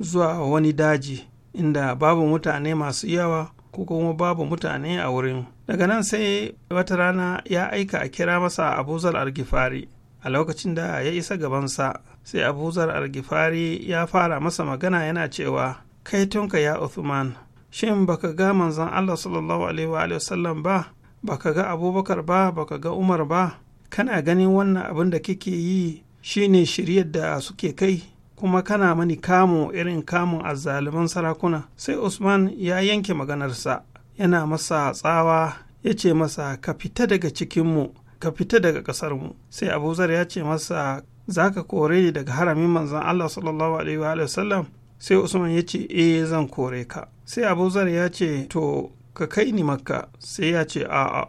zuwa wani daji inda babu mutane masu yawa ko kuma babu mutane a wurin daga nan sai wata rana ya aika a kira masa abuzar algifari a lokacin da ya isa gabansa sai abuzar algifari ya fara masa magana yana cewa kai tunka ya uthman shin baka ga manzon allah sallallahu alaihi wa sallam ba baka ga abubakar ba baka ga umar ba kana ganin wannan abin da kike yi shine shiryar da suke kai kuma kana mani kamo irin kamun azzaluman sarakuna sai usman ya yanke maganarsa yana masa tsawa ya ce masa ka fita daga cikinmu ka fita daga ƙasarmu sai abuzar ya ce masa za ka kore ni daga haramin manzan allah sallallahu alaihi wa sallam sai usman ya ce eh zan kore ka sai abuzar ya ce to ka kai ni makka sai ya ce a'a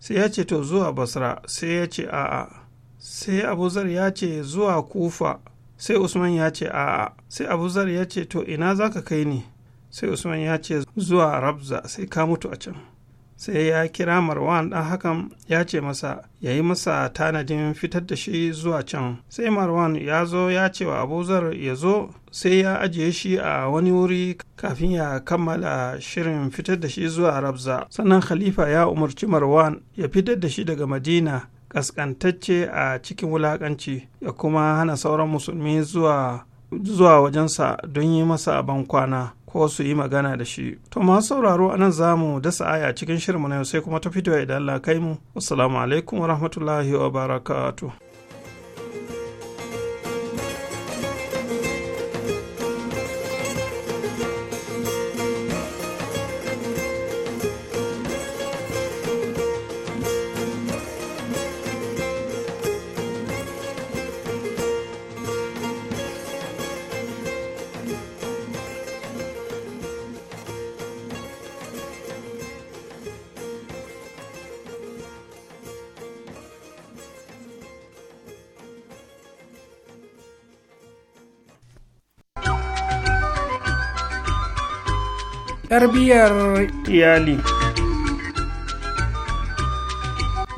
sai ya ce to zuwa basra sai ya ce a'a sai abuzar ya ce zuwa kufa sai usman ya ce a'a sai abuzar ya ce to ina za ka kai ni sai usman ya ce zuwa rabza sai ka mutu a can sai ya kira marwan ɗan hakan ya ce masa ya yi masa tanadin fitar da shi zuwa can sai marwan ya zo ya ce wa abuzar ya zo sai ya ajiye shi a wani wuri kafin ya kammala shirin fitar da shi zuwa rabza sannan khalifa ya umarci marwan ya fitar da shi daga madina kaskantacce a cikin wulakanci ya kuma hana sauran musulmi zuwa zuwa wajensa don yi masa ban kwana ko su yi magana da shi. To masu sauraro a nan zamu mu dasa aya cikin shirin na yau sai kuma ta fito idan Allah kai mu. Assalamu alaikum wa rahmatullahi wa barakatuh. tarbiyyar iyali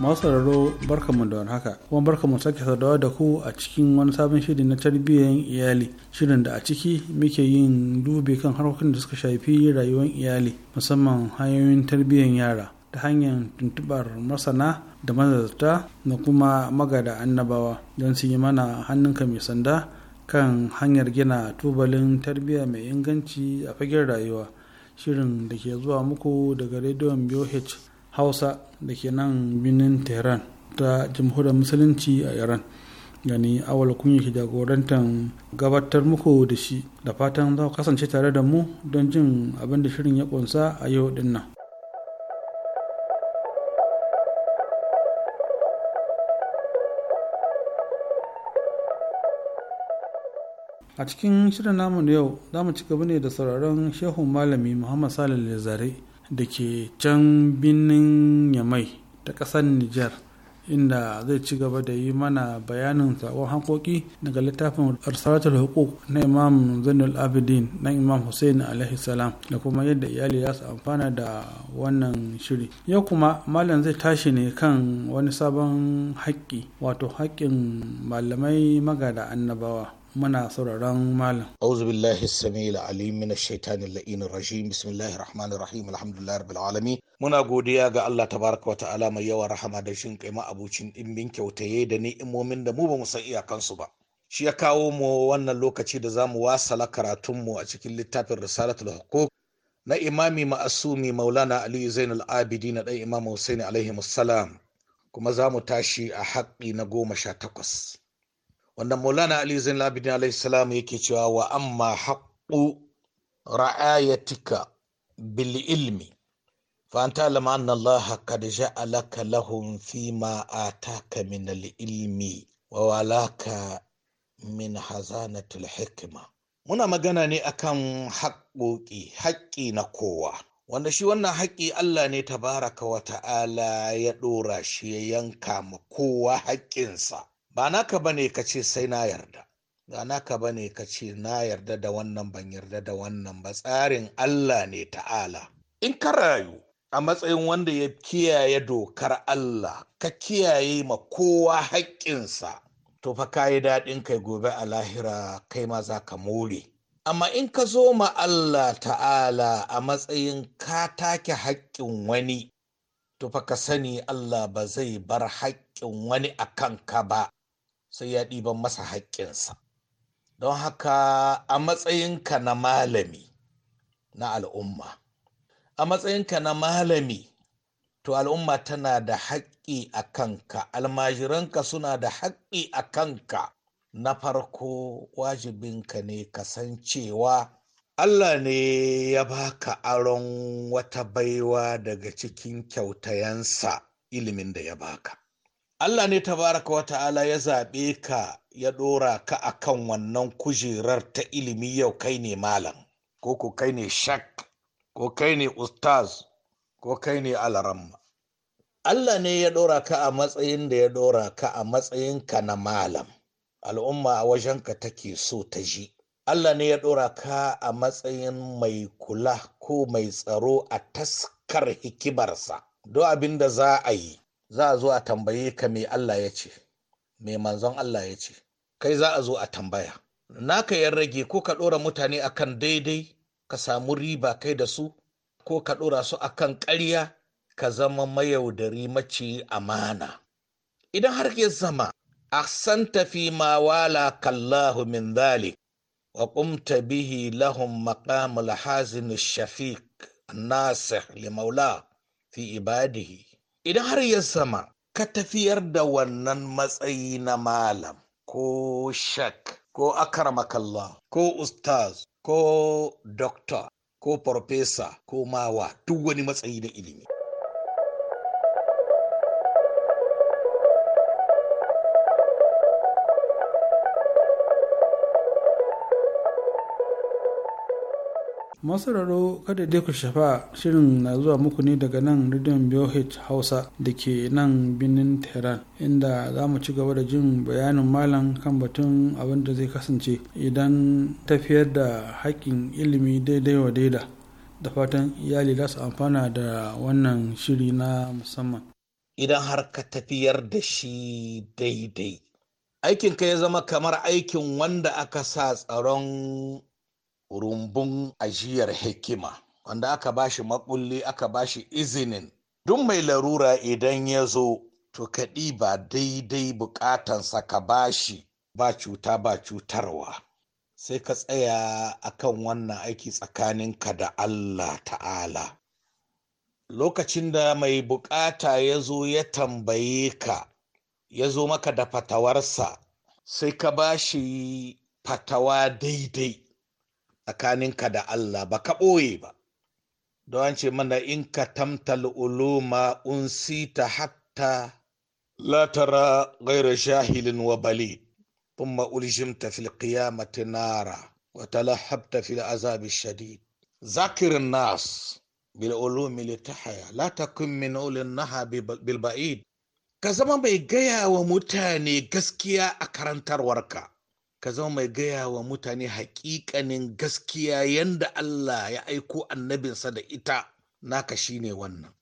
masu sauraro barkamu da wani haka kuma barkamu sake sadawa da ku a cikin wani sabon shiri na tarbiyyar iyali shirin da a ciki muke yin dubi kan harkokin da suka shafi rayuwar iyali musamman hanyoyin tarbiyyar yara ta hanyar tuntubar masana da mazarta da kuma magada annabawa don su yi mana hannunka mai sanda kan hanyar gina tubalin tarbiyya mai inganci a fagen rayuwa shirin da ke zuwa muku daga rediyon BOH Hausa da ke nan binin Tehran ta jamhuriyar musulunci a Iran. Gani awal kun yi jagorantar gabatar muku da shi da fatan za ku kasance tare da mu don jin abin da shirin ya kunsa a yau dinnan. a cikin shirin namu na yau za mu ci gaba ne da sauraron shehun malami muhammad salim zare da ke can birnin yamai ta ƙasar niger inda zai ci gaba da yi mana bayanin sabon hankoki daga littafin arsalatul hukuk na imam zainul abidin na imam hussein alaihi salam da kuma yadda iyali ya su amfana da wannan shiri yau kuma malam zai tashi ne kan wani sabon haƙƙi wato haƙƙin malamai magada annabawa muna sauraron malam. Auzu billahi samil alim min ash al-la'in rajim bismillahir rahmanir rahim alhamdulillahi rabbil alamin muna godiya ga Allah tabaraka wa ta'ala mai yawa rahama da shin kai abucin dimbin kyautaye da ni'imomin da mu ba mu san iyakansu ba shi ya kawo mu wannan lokaci da zamu wasala karatun mu a cikin littafin risalatul huquq na imami ma'asumi maulana ali zainul abidin da imam husaini alaihi kuma zamu tashi a haƙƙi na goma sha takwas wanda maulana ali zain labidin alaihi salam yake cewa wa amma haqqu ra'ayatika bil ilmi fa anta lama anna allah qad ja'alaka lahum fi ma ataka min al ilmi wa walaka min hazanatul hikma muna magana ne akan haƙƙoƙi haƙƙi na kowa wanda shi wannan haƙƙi Allah ne tabaraka wa ta'ala ya ɗora shi ya yanka ma kowa haƙƙinsa ba naka ne ka ce sai na yarda ba naka bane ka ce na yarda da wannan ban yarda da wannan ba tsarin Allah ne ta'ala in ka rayu a matsayin wanda ya kiyaye dokar Allah ka kiyaye ma kowa haƙƙinsa to fa ka yi daɗin kai gobe a lahira kai ma za ka more amma in ka zo ma Allah ta'ala a matsayin ka take haƙƙin wani to fa ka sani Allah ba zai bar haƙƙin wani a kanka ba sai ya ɗiban masa haƙƙinsa don haka a matsayinka na malami na al'umma a matsayinka na malami to al'umma tana da haƙƙi a kanka almajiranka suna da haƙƙi a kanka na farko wajibinka ne kasancewa Allah ne ya baka aron wata baiwa daga cikin kyautayensa ilimin da ya baka Allah ne tabaraka wa ta'ala ya zaɓe ka ya ɗora ka a kan wannan kujerar ta ilimi yau kai ne malam ko ko kai ne shak ko kai ne ustaz ko kai ne alaramma Allah ne ya ɗora ka a matsayin da ya ɗora ka a matsayin ka na malam al'umma a wajen ka take so ta ji Allah ne ya ɗora ka a matsayin mai kula ko mai tsaro a taskar hikimarsa Do abin da za a yi za a zo a tambaye ka me Allah ya ce me manzon Allah ya ce kai za a zo a tambaya naka yan rage ko ka ɗora mutane a kan daidai ka samu riba kai da su ko ka ɗora su a kan ƙarya ka zama mayaudari mace amana idan har ke zama ahsanta fi ma wala kallahu min dhalik wa qumta bihi lahum maqamul hazin shafiq nasih li maula fi ibadihi idan har ya sama ka tafiyar da wannan matsayi na malam ko shak ko akarmakalla ko ustaz ko doktor ko farfesa ko mawa duk wani matsayi na ilimi masararo kada dai ku shafa shirin na zuwa muku ne daga nan rediyon BOH Hausa da ke nan birnin Tehran inda za mu ci gaba da jin bayanin malam kan batun abin da zai kasance idan tafiyar da haƙƙin ilimi daidai wa daida da fatan iyali za su amfana da wannan shiri na musamman. Idan har ka tafiyar da shi daidai. aikin ka ya zama kamar aikin wanda aka sa tsaron rumbun ajiyar hikima wanda aka ba shi makulli aka ba shi izinin duk mai larura idan ya zo to kaɗi ba daidai buƙatansa ka ba shi ba cuta ba cutarwa sai ka tsaya akan wannan aiki tsakaninka da Allah ta'ala lokacin da mai bukata ya zo ya tambaye ka ya zo maka da fatawarsa sai ka ba shi fatawa daidai tsakaninka da Allah ba ka ɓoye ba don an ce mana in ka tamtal uluma unsita hatta la tara ghaira shahilin wa Bali. balid ثم ألجمت في القيامة نارا وتلهبت في shadi. Zakirin nas, الناس بالعلوم لتحيا لا تكن من أولي النهى بالبعيد ka zama bai gaya wa mutane gaskiya a karantarwarka ka zama mai gaya wa mutane hakikanin gaskiya yanda Allah ya aiko annabinsa da ita naka shine wannan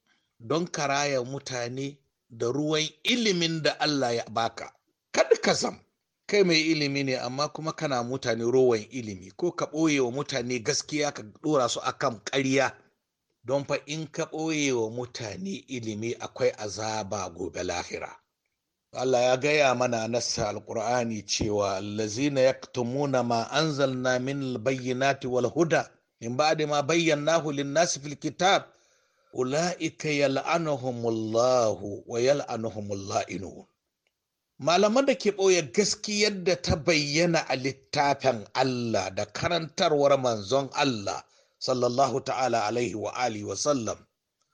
don ka raya mutane da ruwan ilimin da Allah ya baka kada ka zam kai mai ilimi ne amma kuma kana mutane ruwan ilimi ko ka ɓoye wa mutane gaskiya ka ɗora su akan ƙarya don fa in ka ɓoye wa mutane ilimi akwai azaba gobe lahira Allah ya gaya mana nasa alkur'ani cewa allazina yaktumuna ma anzalna min albayyinati wal huda min ba'di ma bayyanahu lin-nasi fil kitab ula'ika yal'anuhumullahu wa yal'anuhumul la'inun malaman da ke ɓoye gaskiyar da ta bayyana a littafin Allah da karantarwar manzon Allah sallallahu ta'ala alaihi wa alihi wa sallam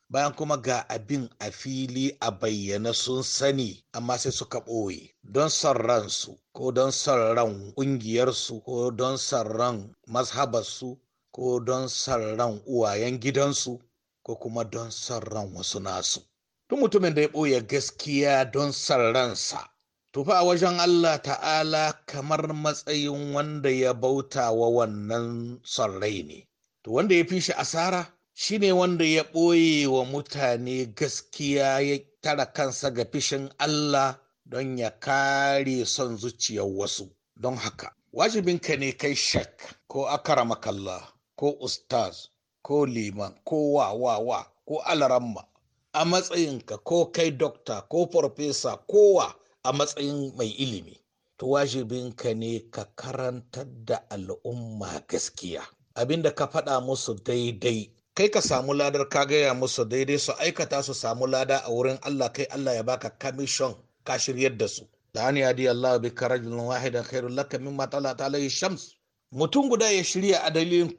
bayan kuma ga abin a fili a bayyana sun sani amma sai suka ɓoye don son ransu ko don son ran ƙungiyarsu ko don son ran mazhabarsu ko don son ran uwayen gidansu ko kuma don son ran wasu nasu duk mutumin da ya ɓoye gaskiya don son ransa tufa a wajen Allah ta'ala kamar matsayin wanda ya bauta wa wannan son rai ne to wanda ya fi shi asara Shi ne wanda ya ɓoye wa mutane gaskiya ya tara kansa ga fishin Allah don ya kare son zuciyar wasu don haka wajibin ka ne kai shak ko akaramakalla ko ustaz ko liman ko wa ko alaramma a matsayinka ko kai dokta ko farfesa kowa a matsayin mai ilimi to wajibinka ne ka karantar da al'umma gaskiya abinda ka faɗa musu daidai kai ka samu ladar ka gaya musu daidai su aikata su samu lada a wurin Allah kai Allah ya baka kamishon ka shiryar da su dan ya Allah bi karajul wahida khairul mimma talat alayhi shams mutum guda ya shirya a dalilin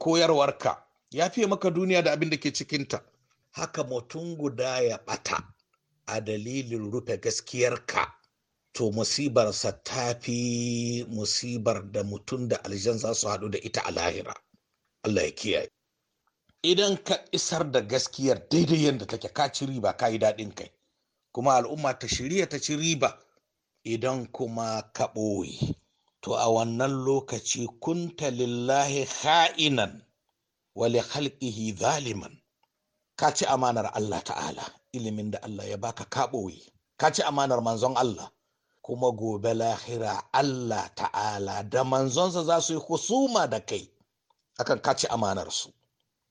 ka. ya fi maka duniya da abin da ke cikinta haka mutum guda ya bata a dalilin rufe gaskiyar ka. to musibarsa ta fi musibar da mutum da aljan za su haɗu da ita a lahira Allah ya kiyaye idan ka isar da gaskiyar daidai yadda take ka ci riba ka yi daɗin kai kuma al'umma ta shirya ta ci riba idan kuma ka ɓoye to a wannan lokaci kunta lillahi ha'inan wali halƙihi zaliman ka ci amanar Allah ta'ala ilimin da Allah ya baka ka ɓoye ka ci amanar manzon Allah kuma gobe lahira Allah ta'ala da manzonsa za su yi husuma da kai akan ka ci su.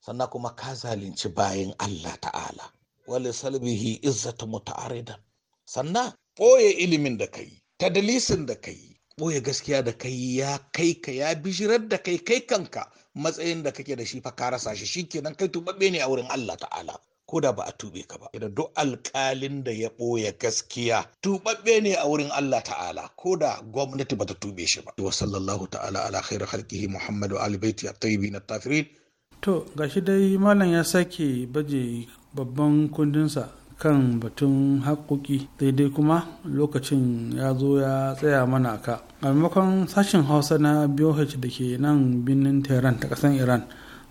sannan kuma ka zalunci bayan Allah ta'ala wale salbihi izzata muta'aridan sannan ɓoye ilimin da kai tadlisin da kai ɓoye gaskiya da kai ya kai ka ya bijirar da kai kai kanka matsayin da kake da shi fa ka rasa shi shikenan kai tubabbe ne a wurin Allah ta'ala ko da ba a tube ka ba idan duk alƙalin da ya ɓoye gaskiya tubabbe ne a wurin Allah ta'ala ko da gwamnati bata tube shi ba wa sallallahu ta'ala ala khairu khalqihi muhammadu ali baiti at-tayyibin at-tafirin to shi dai malam ya sake baje babban kundinsa kan batun haƙoƙi daidai kuma lokacin ya zo ya tsaya mana ka a maimakon sashen hausa na boh da ke nan birnin tehran ta ƙasar iran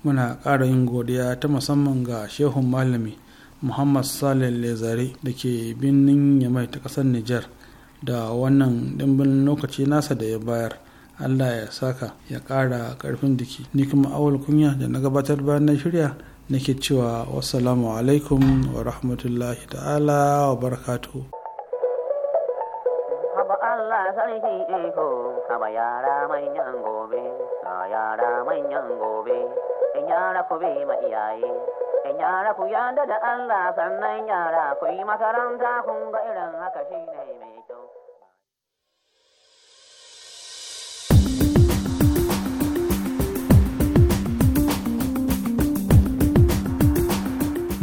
muna ƙara yin godiya ta musamman ga shehun malami muhammad salih lezare da ke birnin yamai ta ƙasar niger da wannan dimbin lokaci nasa da ya bayar allah ya saka ya ƙara ƙarfin diki ni kuma awal kunya da na gabatar bayan na shirya nake cewa wassalamu alaikum wa rahmatullahi ta'ala wa Haba Allah sarki haba yara ku bi iyaye, yara ku da Allah sannan yara ku yi makaranta kun ga irin haka shi ne mai.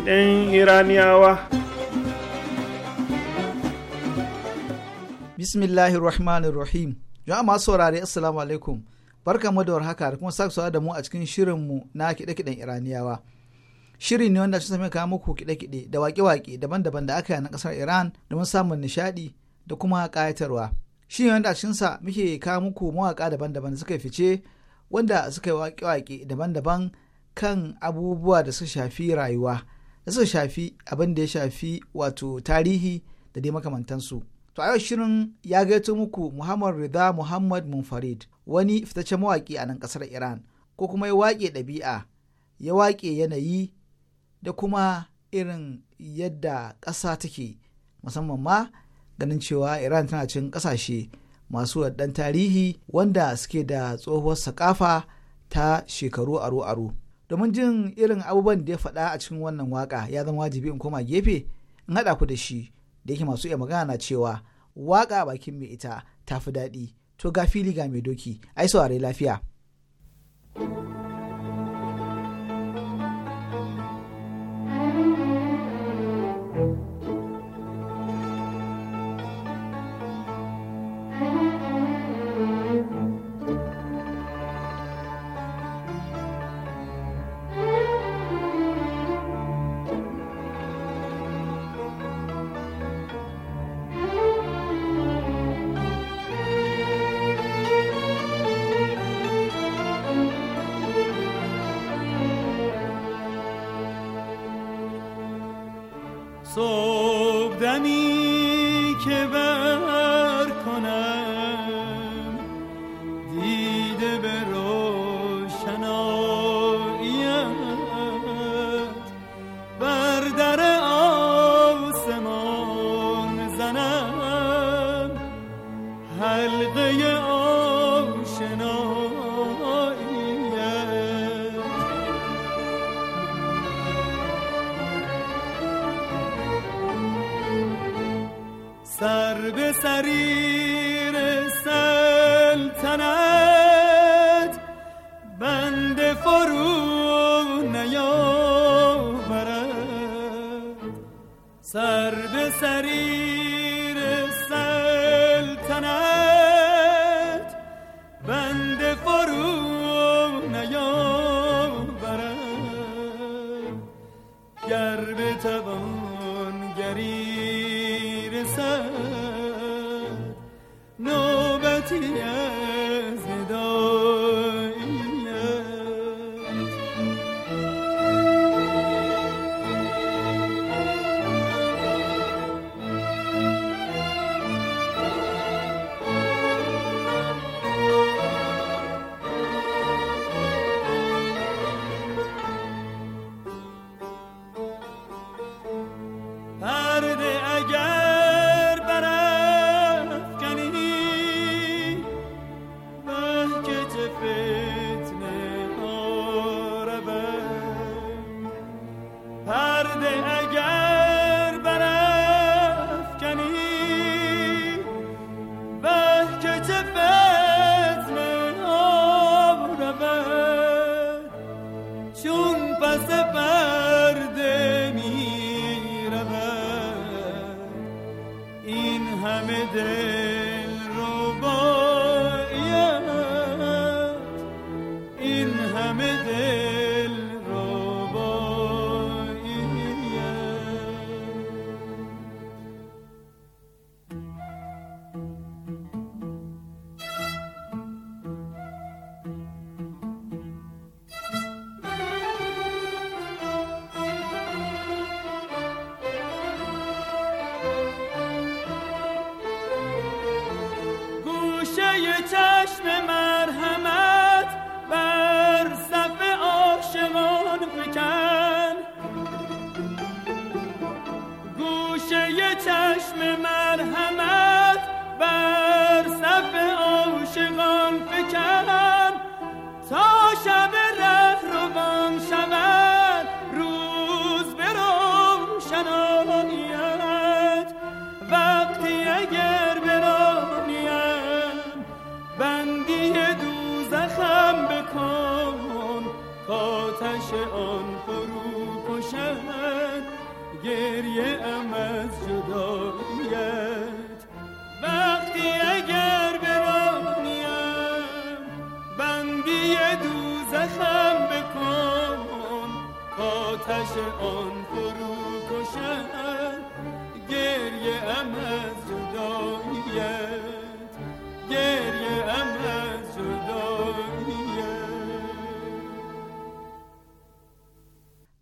kiɗe-kiɗen iraniyawa bismillahir rahmanir rahim jama'a masu saurare assalamu alaikum mu da warhaka da kuma sake da mu a cikin shirinmu na kiɗe-kiɗen iraniyawa shiri ne wanda sun sami kawo muku kiɗe-kiɗe da waƙe-waƙe daban-daban da aka yi na ƙasar iran domin samun nishaɗi da kuma ƙayatarwa shi ne wanda cikinsa muke kawo muku mawaƙa daban-daban da suka fice wanda suka yi waƙe-waƙe daban-daban kan abubuwa da suka shafi rayuwa da suka shafi abin da ya shafi wato tarihi da dai makamantansu. To a yau shirin ya gaito muku Muhammad Rida Muhammad Munfarid wani fitaccen mawaƙi a nan ƙasar Iran ko kuma ya waƙe ɗabi'a ya waƙe yanayi da kuma irin yadda ƙasa take musamman ma ganin cewa Iran tana cin ƙasashe masu ɗan tarihi wanda suke da tsohuwar sakafa ta shekaru aro-aro. domin jin irin abubuwan da ya faɗa a cikin wannan waka ya zama wajibi in koma gefe in haɗa ku da shi da yake masu iya magana na cewa waka bakin mai ita ta fi daɗi to ga fili ga mai doki ai saurari lafiya. thank you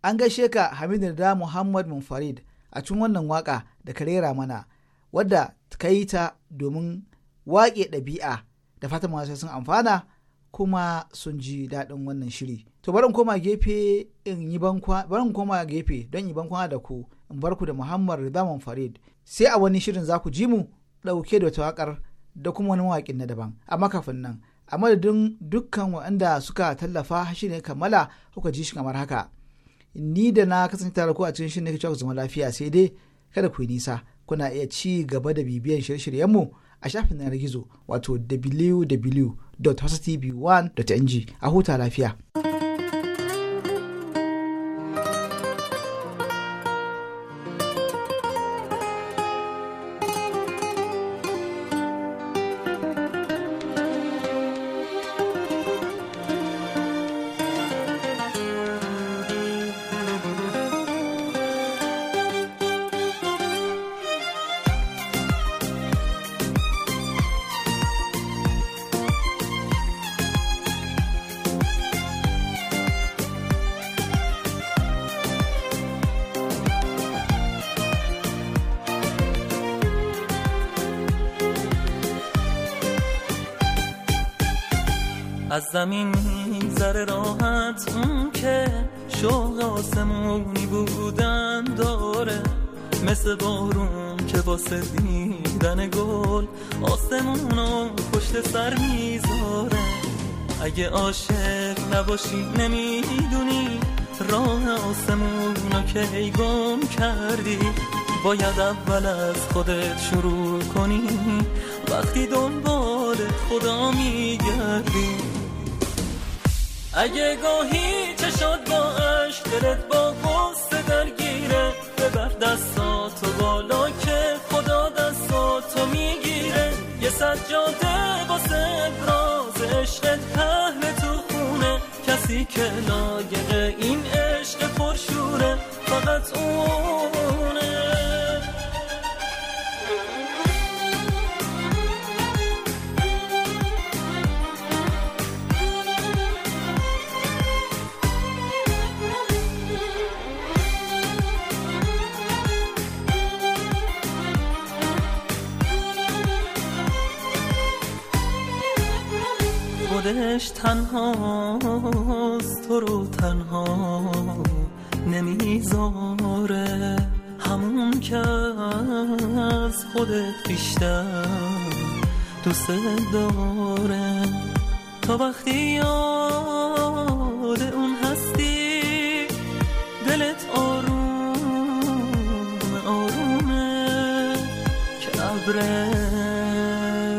an gaishe ka hamidu da muhammad munfarid a cikin wannan waka da ka rera mana wadda ka yi ta domin waƙe ɗabi'a da fatan masu sun amfana kuma sun ji daɗin wannan shiri to barin koma gefe in yi bankwa barin koma gefe don yi bankwa da ku in bar ku da muhammad rida munfarid sai a wani shirin za ku ji mu ɗauke da wata waƙar da kuma wani mawaƙin na daban amma kafin nan a madadin dukkan waɗanda suka tallafa shi ne kammala kuka ji shi kamar haka ni da na kasance tare ku a cikin shirin nake cewa ku zama lafiya sai dai kada ku yi nisa kuna iya ci gaba da bibiyan shirye-shiryenmu a shafin na gizo wato www.hostv1.ng a huta lafiya. زمین میگذره راحت اون که شوق آسمونی بودن داره مثل بارون که واسه دیدن گل آسمونو پشت سر میذاره اگه عاشق نباشی نمیدونی راه آسمون که ایگم گم کردی باید اول از خودت شروع کنی وقتی دنبال خدا میگردی اگه گاهی چشاد با عشق دلت با قصه درگیره ببر تو بالا که خدا دستاتو میگیره یه سجاده با ابراز عشقت پهل تو خونه کسی که لایق این عشق پرشوره فقط اون تنها تنهاست تو رو تنها نمیذاره همون که از خودت بیشتر دوست داره تا وقتی یاد اون هستی دلت آروم آرومه که عبر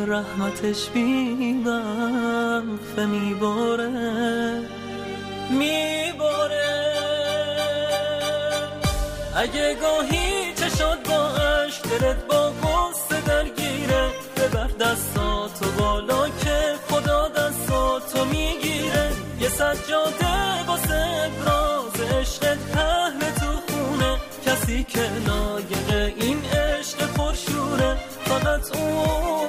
رحمتش بی و میباره میباره اگه گاهی چشات با عشق درت با قصه درگیره ببر دستاتو بالا که خدا دستاتو میگیره یه سجاده جاده ابراز عشقت پهن تو خونه کسی که نایقه این عشق پرشوره فقط اون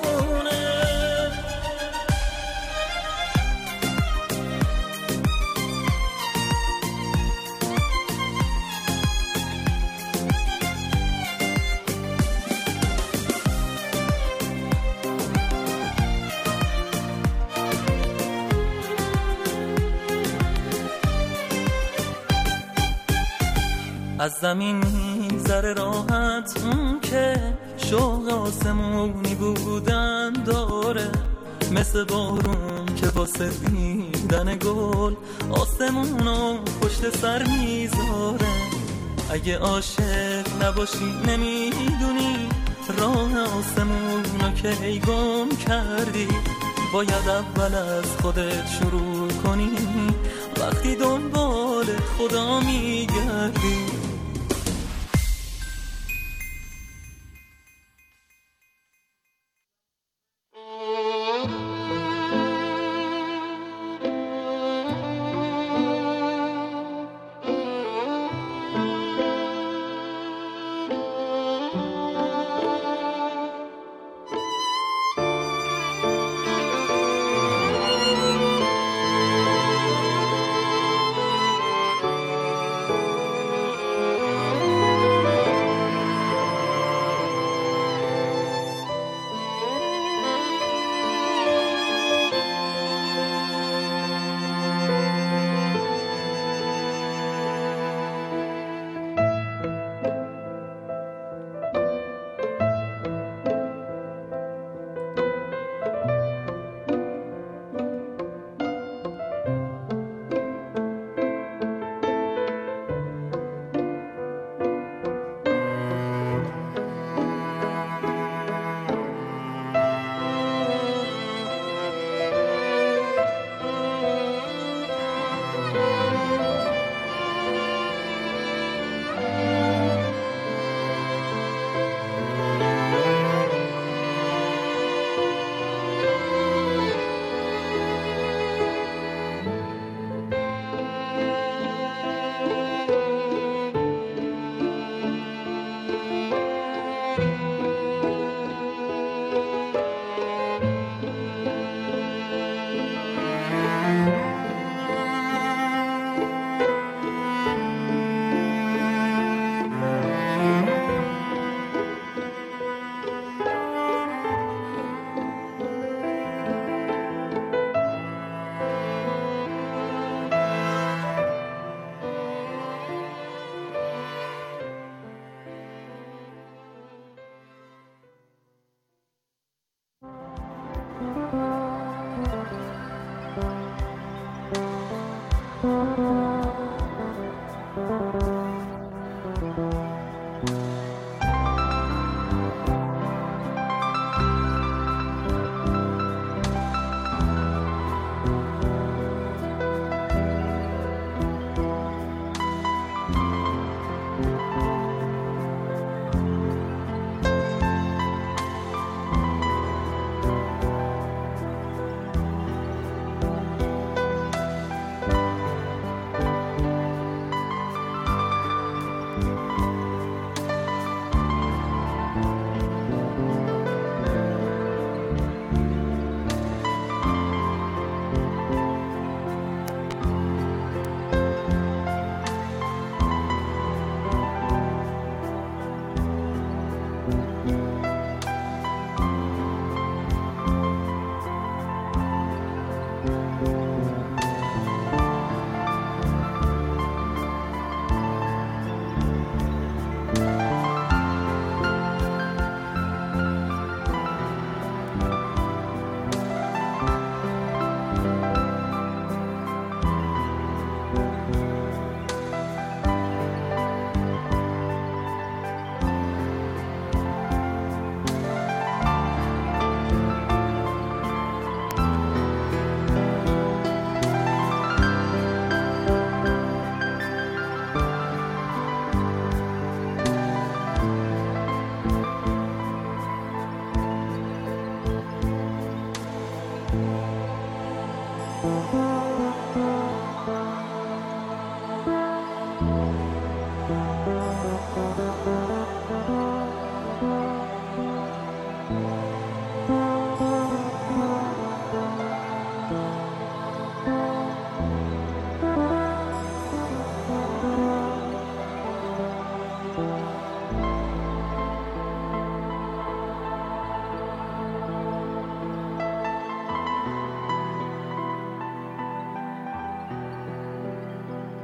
از زمین زر راحت اون که شوق آسمونی بودن داره مثل بارون که واسه دیدن گل آسمونو پشت سر میذاره اگه عاشق نباشی نمیدونی راه آسمونو که ای گم کردی باید اول از خودت شروع کنی وقتی دنبال خدا میگردی